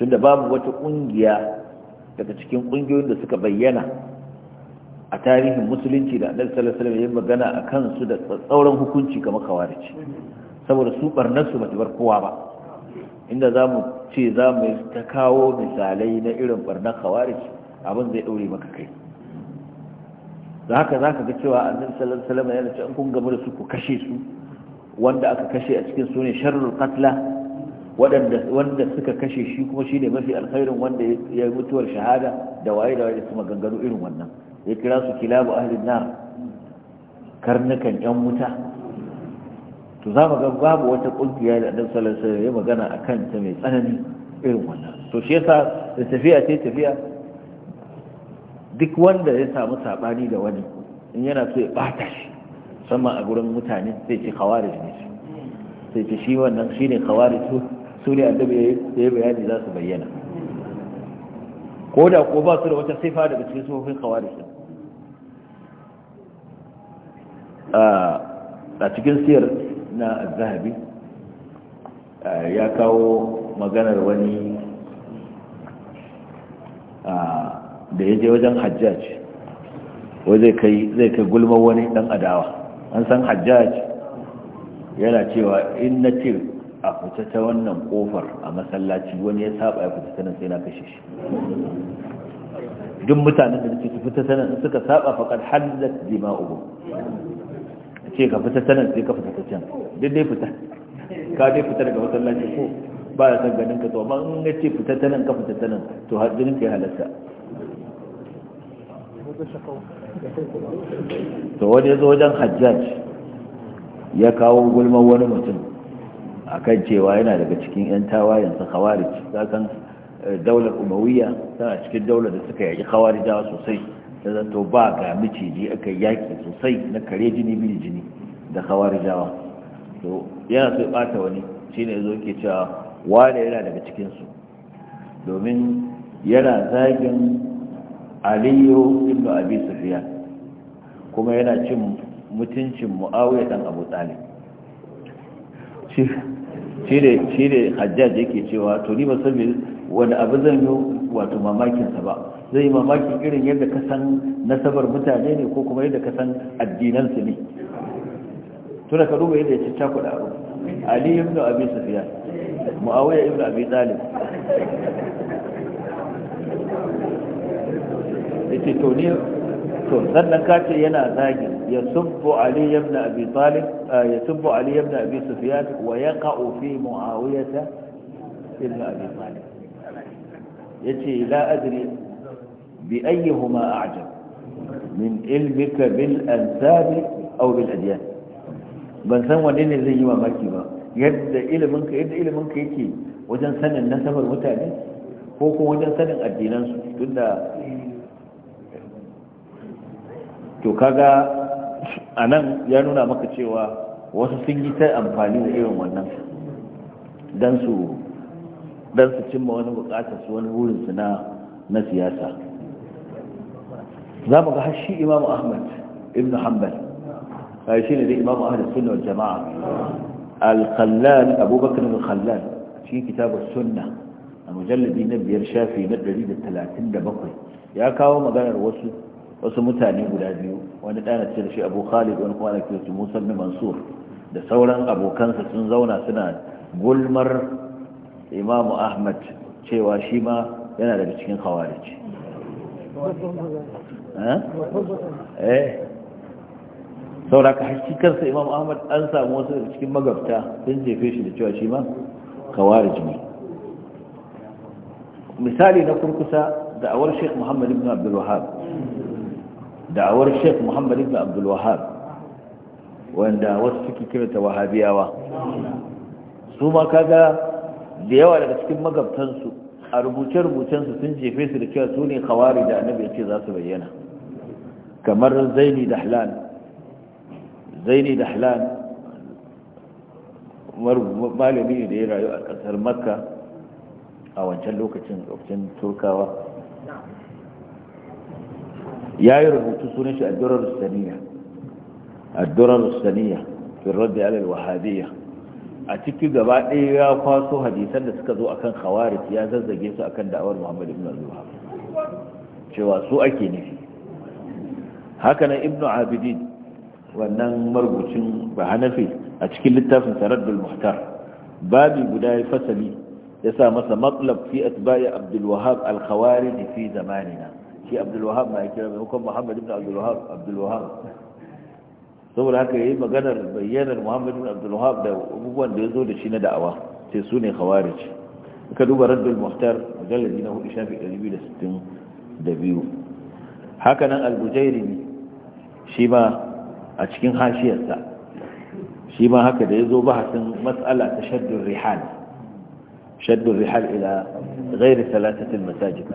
tunda babu wata kungiya daga cikin kungiyoyin da suka bayyana a tarihin musulunci da annabi sallallahu alaihi wasallam yayi magana akan su da tsauran hukunci kamar khawarij saboda su barnar su bata bar kowa ba inda zamu ce zamu ta kawo misalai na irin barnar khawarij abin zai ɗaure maka kai da haka za ka ga cewa annabi sallallahu alaihi wasallam yana cewa an kun gamu da su ku kashe su wanda aka kashe a cikin su ne sharrul qatla wanda suka kashe shi kuma ne mafi alkhairin wanda ya mutuwar shahada da waye da waye da kuma irin wannan ya kira su kilabu ahlin na karnukan yan wuta to za mu ga babu wata kungiya da annabi sallallahu alaihi wasallam ya magana akan ta mai tsanani irin wannan to shi yasa da tafiya ce tafiya duk wanda ya samu saɓani da wani in yana so ya ɓata shi musamman a gurin mutane sai ce khawarij ne sai ce shi wannan shi ne khawarij su ne annabi ya yi bayani za su bayyana ko da ko ba su da wata sifa daga cikin sufofin khawarij a cikin siyar na zahabi ya kawo maganar wani a da ya je wajen hajjaj wai zai kai zai kai gulmar wani dan adawa an san hajjaj yana cewa in na ce a fita ta wannan kofar a masallaci wani ya saba ya fita ta nan sai na kashe shi duk mutanen da suke fita ta nan suka saba faqad hallat dima'uhum ce ka fita ta nan sai ka fita ta can duk dai fita ka dai fita daga masallaci ko ba ya san ganin ka to amma in ya ce fita ta nan ka fita ta nan to har jinin ka ya halatta to wani ya zo wajen hajjaj ya kawo gulman wani mutum a kan cewa yana daga cikin 'yan tawayensa khawarij zakan eh, daular umawiya tana cikin daular da suka yaƙi khawarijawa sosai da zato ba ga miciji aka yaki sosai na kare jini mil jini da khawarijawa to yana so ya bata wani ne zo ke cewa wane yana daga cikinsu domin yana zagin aliyu ibn abi sufyan kuma yana cin mutuncin muawiya dan abu talib shi ne hajjaj yake cewa to ni ba san wani abu zan yi wato mamakin sa ba zai mamakin irin yadda ka san nasabar mutane ne ko kuma yadda ka san addinan su ne tuna ka duba yadda ya cicca kuɗa abu ali ibn abi sufyan muawiya ibn abi talib yace to ni to sannan ka ce yana zagi ya subbu ali ibn abi talib ah, ya subbu ali ibn abi sufyan wa yaqa'u fi muawiyah ibn abi talib yace la adri bi ayyihima a'jab min ilmika bil ansab aw bil adyan ban san wanne ne zai yi mamaki ba yadda iliminka yadda iliminka yake wajen sanin nasabar mutane ko kuma wajen sanin addinansu tunda to kaga a nan ya nuna maka cewa wasu sun yi ta amfani da irin wannan don su cimma wani bukatar su wani wurinsu na na siyasa za mu ga hashi imamu ahmad ibn hanbal a shi ne da imamu ahmad sunna jama'a al-khallal abubakar al-khallal cikin kitabar sunna a mujalladi na biyar shafi na 137 ya kawo maganar wasu wasu mutane guda biyu wani ɗana ce da shi abu khalid wani kuma ana su musa bin mansur da sauran abokansa sun zauna suna gulmar imamu ahmad cewa shi ma yana daga cikin khawarij eh, eh. saura ka haƙi kansa imam ahmad an samu wasu daga cikin magabta sun jefe shi da cewa shi ma kawarij ne misali na kurkusa da awar sheikh muhammad ibn abdul wahab da'awar sheikh muhammad ibn abdul wahab wanda wasu suke kiranta wahabiyawa su ma kaga da yawa daga cikin magabtansu a rubuce-rubucensu sun jefe su da cewa su ne kawari da annabi ce za su bayyana kamar zaini dahlan zaini dahlan malami da ya rayu a ƙasar makka a wancan lokacin lokacin turkawa ya yi rubutu sunan shi Durar saniya Durar saniya fi rabbi alal wahabiyya a ciki gaba ɗaya ya kwaso hadisan da suka zo akan Khawarif, ya zazzage su akan da'awar Muhammad ibn Abdullah cewa su ake nufi haka nan ibnu abidin wannan marubucin bahanafi a cikin littafin saraddul muhtar babi guda ya fasali ya sa masa matlab fi atba'i abdul wahab al khawarif fi zamanina ki abdul wahab mai kira mai hukum muhammad ibn abdul wahab abdul wahab saboda haka yayi maganar bayyanar muhammad ibn abdul wahab da abubuwan da yazo da shi na da'awa sai su ne khawarij ka duba raddul muhtar mujalladi na hudu shafi 262 haka nan al-bujairi shi ma a cikin hashiyarsa shi ma haka da yazo zo bahasin mas'ala ta shaddur rihal shaddur rihal ila ghairi salatatul masajid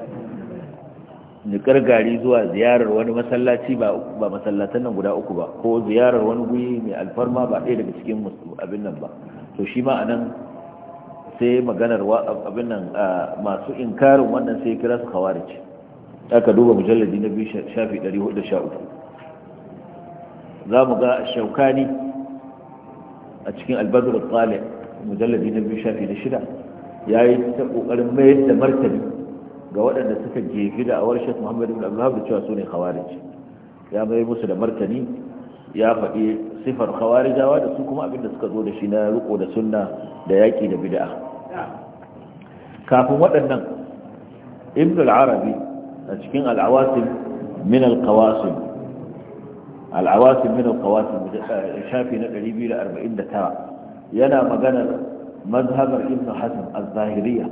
nikar gari zuwa ziyarar wani masallaci ba masallatan nan guda uku ba ko ziyarar wani guri mai alfarma ba ɗaya daga cikin abin nan ba to shi ma anan sai maganar abin nan masu inkarin wannan sai kira su khawarij aka duba mujalladi na biyu shafi 413 za mu ga shaukani a cikin albazar tsali mujalladi na biyu shafi na shida ya yi ta ƙoƙarin mayar da martani ga waɗanda suka jefi da awar shek muhammadu ibn abdullahi da cewa su ne khawarij ya mai musu da martani ya faɗi sifar khawarijawa da su kuma abinda suka zo da shi na riko da sunna da yaƙi da bida'a. kafin waɗannan ibn al-arabi a cikin al-awasim min al-qawasim al min al-qawasim shafi na 249 yana maganar mazhabar ibn hasan az-zahiriyya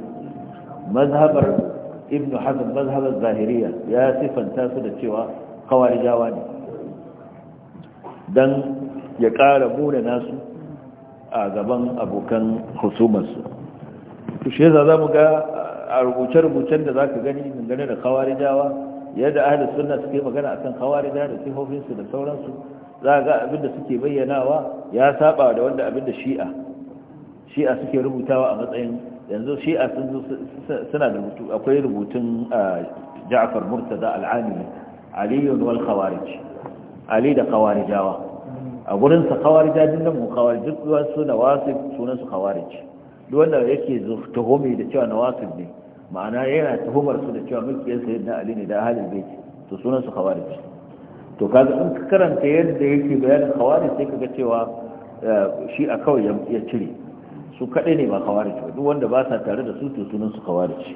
mazhabar ibn hazm mazhabar zahiriya ya sifanta su da cewa kawarijawa ne dan ya ƙara bude nasu a gaban abokan husumarsu shi za ga a rubuce-rubucen da zaka ka gani dangane da kawarijawa yadda ahalar sunna suke magana akan kawarija da sifofinsu da sauransu za ga abinda suke bayyanawa ya saba da wanda abinda shi'a shi'a suke rubutawa a matsayin yanzu shi shi'a suna da rubutu akwai rubutun ja'far murtada al'amili aliyun wal khawarij ali da khawarijawa a gurin sa khawarijajin nan mu duk su wasif sunan su khawarij duk wanda yake tuhumi da cewa nawasib ne ma'ana yana tuhumar su da cewa mulkiyar sayyidina ali ne da ahlul bait to sunan su khawarij to kaga in ka karanta yadda yake bayanin khawarij sai kaga cewa eh, shi a kawai ya cire su kaɗai ne ba kawarici ba duk wanda ba sa tare da su to sunan su kawarici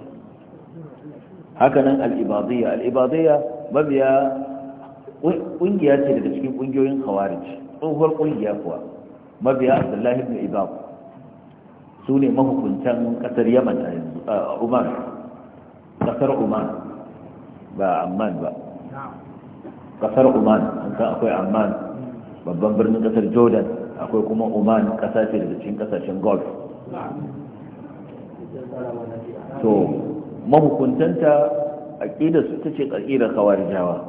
haka al'ibadiyya al'ibadiyya mabiya ƙungiya ce daga cikin ƙungiyoyin kawarici tsohuwar ƙungiya kuwa mabiya abdullahi ibn ibab su ne mahukuntan ƙasar yaman a umar ƙasar umar ba amman ba ƙasar umar an san akwai amman babban birnin ƙasar jordan akwai kuma oman kasashe da cikin kasashen golf to mahukuntanta aƙida su ta ce ƙaƙira kawarijawa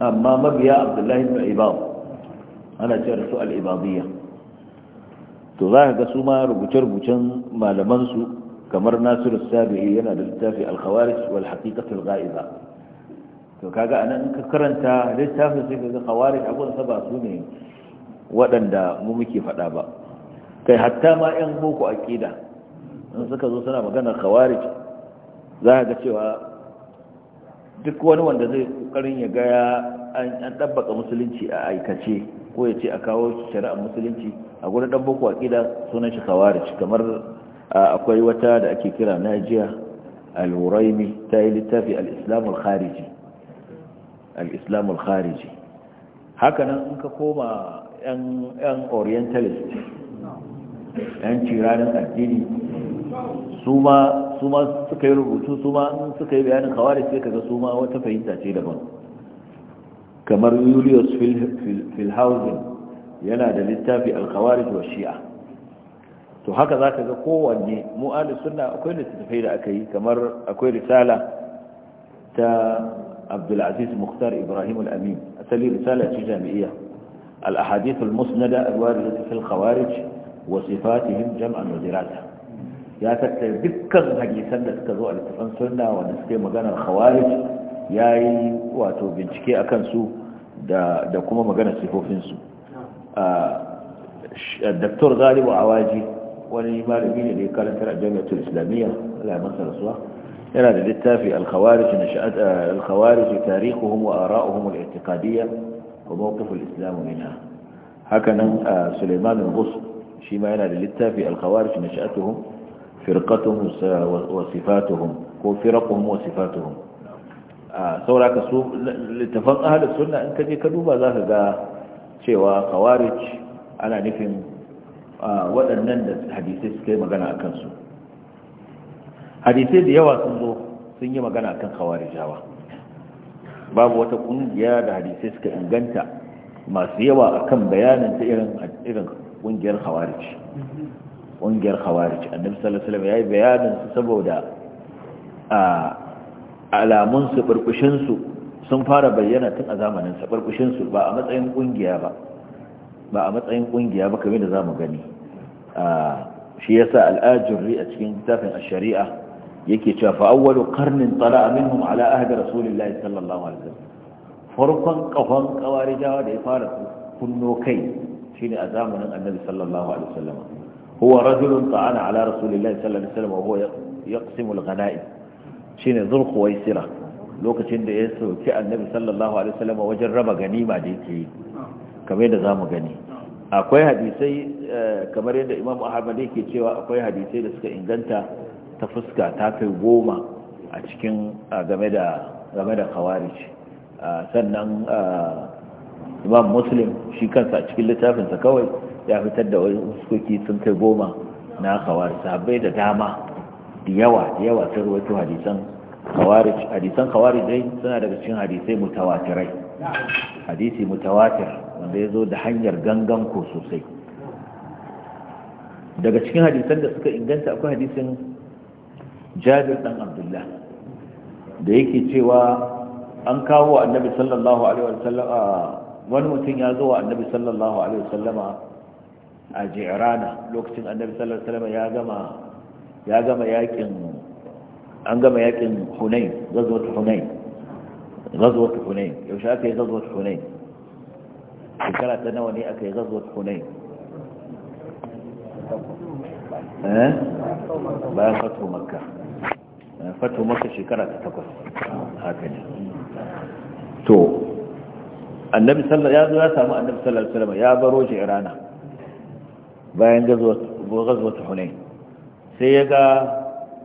amma mabiya abdullahi da ibab ana ce da al'ibabiyya to za ka ga su ma rubuce-rubucen malamansu kamar nasiru sabi'i yana da littafi alkhawaris wal haqiqatul ghaiba to kaga anan in ka karanta littafin sai ga khawarij abun sa ba su ne waɗanda mu muke faɗa ba kai hatta ma 'yan boko aƙida in suka zo suna maganar khawarij za ga cewa duk wani wanda zai kokarin ya gaya an ɗabbaka musulunci a aikace ko ya ce a kawo shari'ar musulunci a gudu ɗan boko a ƙida sunan shi khawarij kamar akwai wata da ake kira najiya al-huraimi ta yi littafi al al-islamul khariji hakanan in ka koma yan orientalist yan ciranin addini su ma suka yi rubutu su ma suka yi bayanin kawai sai kaga su ma wata fahimta ce daban kamar julius filhausen yana da littafi alkawarij wa shi'a to haka za ka ga kowanne mu'adu suna akwai littattafai da aka yi kamar akwai risala ta abdulaziz Muktar ibrahim al'amin asali risala ce jami'iyya الأحاديث المسندة الواردة في الخوارج وصفاتهم جمعا ودراسه يا تتذكر هجي سنه كذو الاتفان سنه ونسكي مجانا الخوارج ياي واتو بنشكي اكنسو دا, دا مجانا سيفوفنسو آه، الدكتور غالب وعواجي ولمالبين اللي كانت ترى ج ا م ع ة ا ل إ س لا مثل اصلاح يرى للتافي الخوارج نشات آه، الخوارج تاريخهم و الاعتقادية wa mawqiful islam minha haka nan Sulaiman shi ma yana da littafi al-Khawarij nashatuhum firqatuhum wa sifatuhum ko firquhum wa sifatuhum sauraka su littafan sunna in kaje ka duba zaka ga cewa Khawarij ana nufin waɗannan da hadisai suka yi magana a kansu hadisai da yawa sun zo sun yi magana akan khawarijawa babu wata kungiya da hadisai suka inganta masu yawa akan bayanin ta irin kungiyar khawarij kungiyar khawarij annabi sallallahu alaihi wasallam yayi bayanin su saboda a alamun su su sun fara bayyana tun a zamanin sa burbushin su ba a matsayin kungiya ba ba a matsayin kungiya ba kamar da zamu gani a shi yasa al-ajurri a cikin littafin ash-shari'a yake cewa fa awwalu qarnin tala'a minhum ala ahdi rasulillahi sallallahu alaihi wasallam farkon kafan kawarijawa da ya fara kunno kai shine a zamanin annabi sallallahu alaihi wasallam huwa rajulun ta'ana ala rasulillahi sallallahu alaihi wasallam wa huwa yaqsimu al-ghanaim shine zul lokacin da ya soki annabi sallallahu alaihi wasallam wajen raba ganima da yake yi kamar yadda zamu gani akwai hadisai eh, kamar yadda imamu ahmad yake cewa akwai hadisai da suka inganta ta fuska ta kai goma a cikin game da game da khawarij sannan imam muslim shi kansa a cikin littafinsa kawai ya fitar da wani uskoki sun kai goma na khawarij sabai da dama da yawa da yawa sun rawaito hadisan khawarij hadisan khawarij dai suna daga cikin hadisai mutawatirai hadisi mutawatir wanda ya zo da hanyar gangan ko sosai daga cikin hadisan da suka inganta akwai hadisin jabir dan abdullah da yake cewa an kawo annabi sallallahu alaihi wasallama wani mutum ya zo wa annabi sallallahu alaihi wasallama a jirana lokacin annabi sallallahu alaihi wasallama ya gama ya gama yakin an gama yakin hunain gazwat hunain gazwat hunain yaushe aka yi gazwat hunain shekara ta nawa ne aka yi gazwat hunain eh bayan fatu makka Eh, fato maka shekara ta takwas haka ne to annabi sallallahu ya zo samu annabi sallallahu alaihi wasallam ya baro shi irana bayan gazuwa ta hunain sai ya ga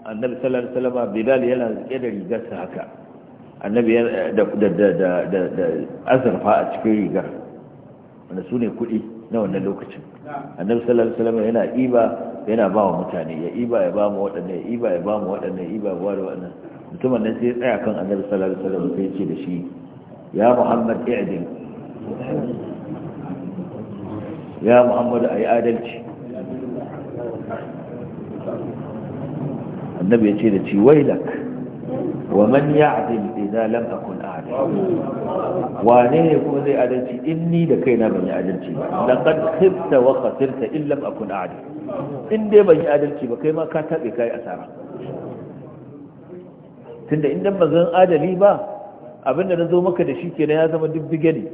annabi sallallahu alaihi wasallam bilal yana rike da rigar sa haka annabi da da da da azurfa a cikin rigar wanda sune ne kuɗi na wannan lokacin annabi sallallahu alaihi wasallam yana iba yana ba wa mutane ya iba ya ba mu waɗannan ya iba ya ba mu waɗannan ya iba ya ba da waɗannan mutumin nan sai tsaya kan annabi sallallahu alaihi wasallam sai ya ce da shi ya muhammad i'dil ya muhammad ayi adalci annabi ya ce da ci wailak wa man ya'dil idza lam akun wane ne kuma zai adalci in ni da kaina ban yi adalci ba laqad khibta wa khasirta in lam akun adil in dai ban yi adalci ba kai ma ka tabe kai asara tunda in dan bazan adali ba abinda nazo maka da shi kenan ya zama dubbi ne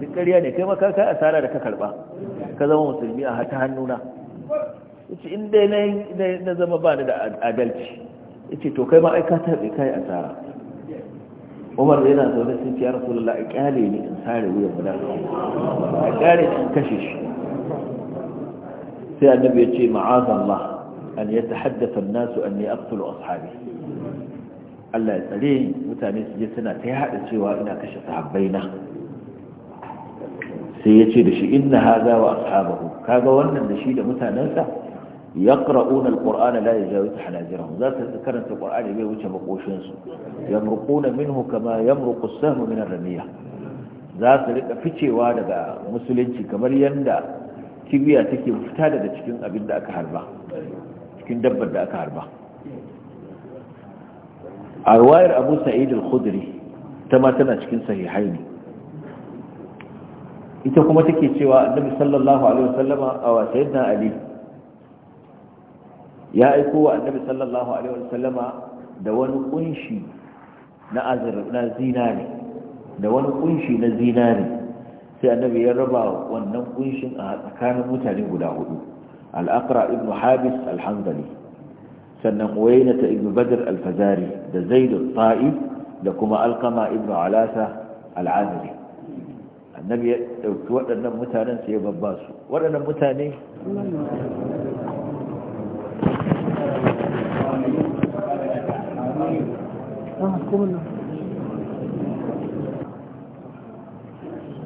duk ƙarya ne kai ma ka kai asara da ka karba ka zama musulmi a ta hannuna yace in dai na zama ba da adalci yace to kai ma ai ka tabe kai asara umar yana zaune sun ce ya rasulullah a kyale ne in sare wuyan munafiki a kyale in kashe shi sai annabi ya ce Allah an ya tahaddatha an-nasu anni aqtulu ashabi Allah ya tsare mutane su je suna ta hada cewa ina kashe sahabbai na sai ya ce da shi inna hadha wa ashabahu kaga wannan da shi da mutanensa? yaqra'una alqur'ana la yajawizu hanajirahum za su karanta qur'ani bai wuce makoshin su yamruquna minhu kama yamruqu as-sahmu min ar-ramiya za rika ficewa daga musulunci kamar yanda kibiya take fita daga cikin abin da aka harba cikin dabbar da aka harba a abu sa'id al-khudri ta ma tana cikin sahihai ne ita kuma take cewa annabi sallallahu alaihi wasallama a sayyidina ali ya aiko wa annabi sallallahu alaihi wasallama da wani kunshi na na zinari da wani kunshi na zinari sai annabi ya raba wannan kunshin a tsakanin mutane guda hudu al-aqra ibn habis al-hanzali sannan waynata ibn badr al-fazari da zaid al-ta'i da kuma alqama ibn alasa al-azri annabi ya dauki waɗannan mutanen sai ya babba su waɗannan mutane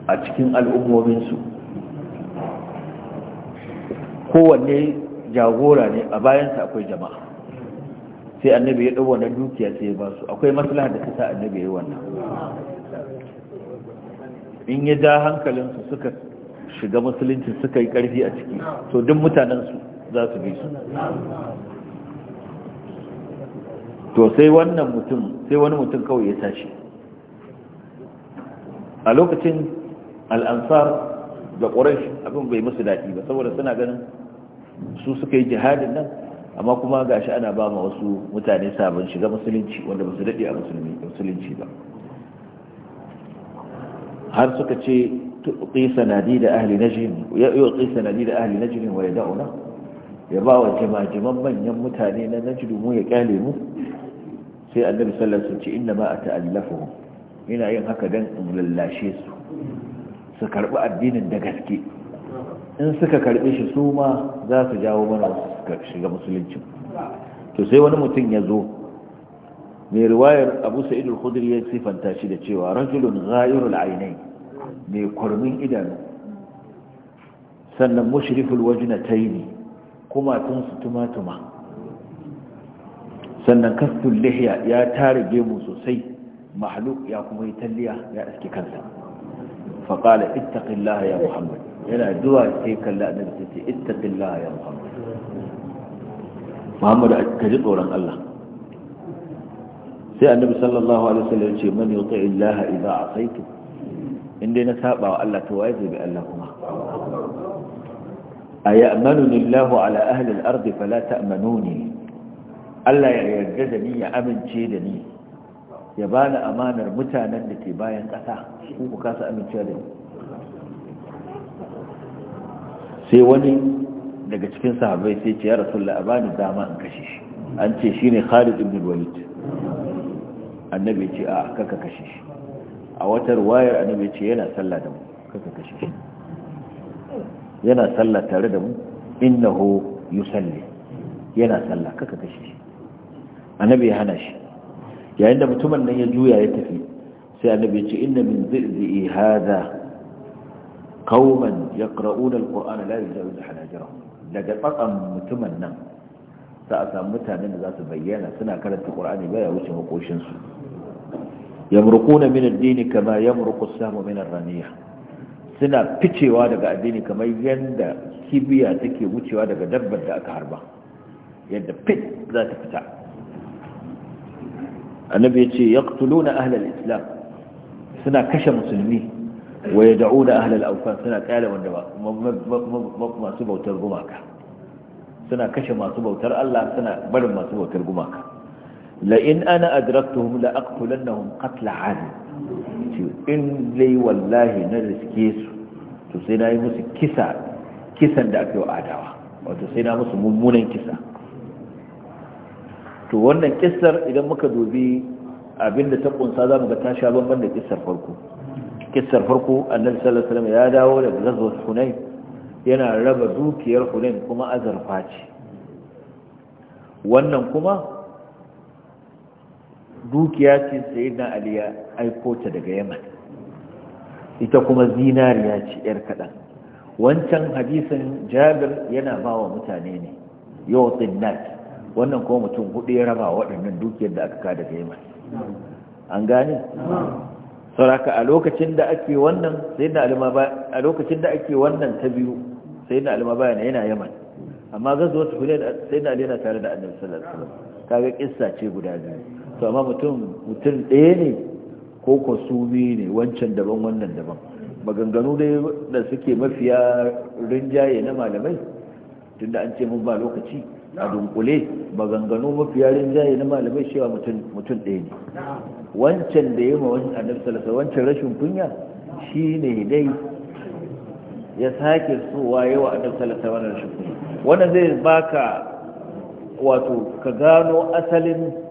a cikin al'ummominsu kowanne jagora ne a bayansa akwai jama'a sai annabi ya ɗau na dukiya sai ya ba su akwai maslaha da ta sa annabi ya wannan in ya ja hankalinsu suka shiga musulunci suka yi ƙarfi a ciki to duk mutanensu za su bi su to sai wannan mutum sai wani mutum kawai ya tashi a lokacin al'ansar da ƙorash abin bai musu daɗi ba saboda suna ganin su suka yi jihadin nan amma kuma ga shi ana ba ma wasu mutane sabon shiga musulunci wanda ba su daɗe a musulunci ba har suka ce tuƙi sanadi da ahli na ya da ahli wa ya da'una ya ba wa jimajiman manyan mutane na najidu mu ya kyale mu sai annabi sallallahu alaihi wasallam inna ma ata'allafu ina yin haka dan in lallashe su su karbi addinin da gaske in suka karbi shi su ma za su jawo mana shiga musulunci to sai wani mutum ya zo mai riwayar abu sa'id al-khudri ya sifanta shi da cewa rajulun ghayrul aynai mai kurmin idanu sannan mushriful wajnatayn Kuma kumatunsu tuma-tuma sannan kastun lihiya ya tara gemu sosai mahaluk ya kuma yi talliya ya ɗaske kansa faƙala ittaƙillaha ya muhammad yana zuwa sai kalla annabi sai ce ittaqillaha ya muhammad muhammad ka ji tsoron Allah sai annabi sallallahu alaihi wasallam ce mani yuti illaha idza asaitu in dai na saba wa Allah to waye bi Allah kuma أيأمنني الله على أهل الأرض فلا تأمنوني ألا يرددني يأمن شيدني يبان أمان المتانا التي باين قطع وكاس أمن شيدني سيواني daga cikin sahabbai sai ce ya rasulullah a bani dama in kashe shi an ce shine Khalid ibn Walid annabi ce a kaka kashe shi a wata ruwayar annabi ce yana sallah da mu kaka kashe shi yana sallah tare da mu innahu yusalli yana sallah kaka kashe shi annabi ya hana shi yayin da mutumin nan ya juya ya tafi sai annabi ya ce inna min zirzi'i hadha qauman yaqra'una alqur'ana la yujawizu hanajirahum daga tsakan mutumin nan za a samu mutanen da za su bayyana suna karanta qur'ani baya wuce makoshin su yamruquna min ad-din kama yamruqu as-samu min ar suna ficewa daga addini kamar yadda kibiya take wucewa daga dabbar da aka harba yadda fit za ta fita annabi ya ce na ahlal islam suna kashe musulmi wa yad'una ahlal awsan suna kyale wanda masu bautar gumaka suna kashe masu bautar Allah suna barin masu bautar gumaka la'in ana adraktuhum la'aqtulannahum qatla 'adl in lai wallahi na riske su to sai na yi musu kisa kisan da ake adawa wato sai na musu mummunan kisa to wannan kisar idan muka dobi abinda ta kunsa za mu ga ta sha bamban da farko kisar farko annabi sallallahu ya dawo daga gazwat hunain yana raba dukiyar hunain kuma azurfa ce wannan kuma dukiya ce sai ali ya aiko ta daga yaman ita kuma zinariya ce yar kaɗan wancan hadisin jabir yana ba wa mutane ne yawon nat wannan kuma mutum hudu ya raba waɗannan dukiyar da aka kada daga yaman an gane sauraka a lokacin da ake wannan sai da a lokacin da ake wannan ta biyu sai na alima bayan yana yaman amma gazuwa su fi sai na alina tare da annabi sallallahu alaihi wasallam kaga kissa ce guda biyu to amma mutum mutum ɗaya ne ko ko su biyu ne wancan daban wannan daban maganganu dai da suke mafiya rinjaye na malamai tunda an ce mun ba lokaci a dunkule maganganu mafiya rinjaye na malamai cewa mutum ɗaya ne wancan da ya ma wani annabi salasa wancan rashin kunya shi ne dai ya sake sowa yawa annabi salasa wani rashin kunya wannan zai baka wato ka gano asalin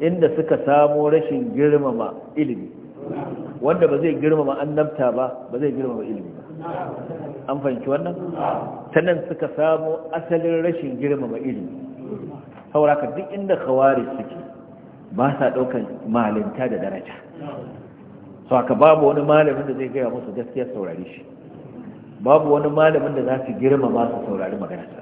inda suka samo rashin girmama ilimi wanda ba zai girmama annabta ba ba zai girmama ilimi ba an fahimci wannan ta nan suka samo asalin rashin girmama ilimi sauraka duk inda kawari suke ba sa daukan malinta da daraja So aka babu wani malamin da zai gaya musu gaskiya saurari shi babu wani malamin da za su girmama su saurari magana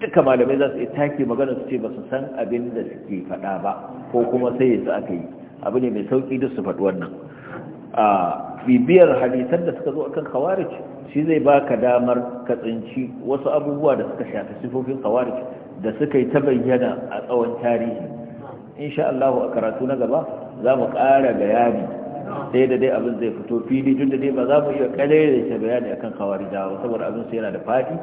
duka malamai za su iya take magana su ce ba su san abin da suke faɗa ba ko kuma sai yanzu aka yi abu ne mai sauƙi duk su faɗi wannan a bibiyar hadisan da suka zo akan khawarij shi zai baka damar ka tsinci wasu abubuwa da suka shafi sifofin khawarij da suka yi ta bayyana a tsawon tarihi insha Allah a karatu na gaba za mu ƙara bayani sai da dai abin zai fito fili duk da dai ba za mu iya kalle da bayani akan kawarijawa saboda abin su yana da fadi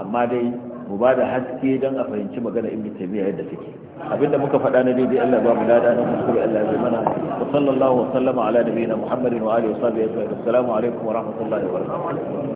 amma dai mu ba da haske don a fahimci magana ibn taymiya yadda take abinda muka faɗa na daidai Allah ba mu lada na kuskure Allah ya mana wa sallallahu wa sallama ala nabiyina muhammadin wa alihi wa sahbihi wa sallam assalamu alaikum wa rahmatullahi wa barakatuh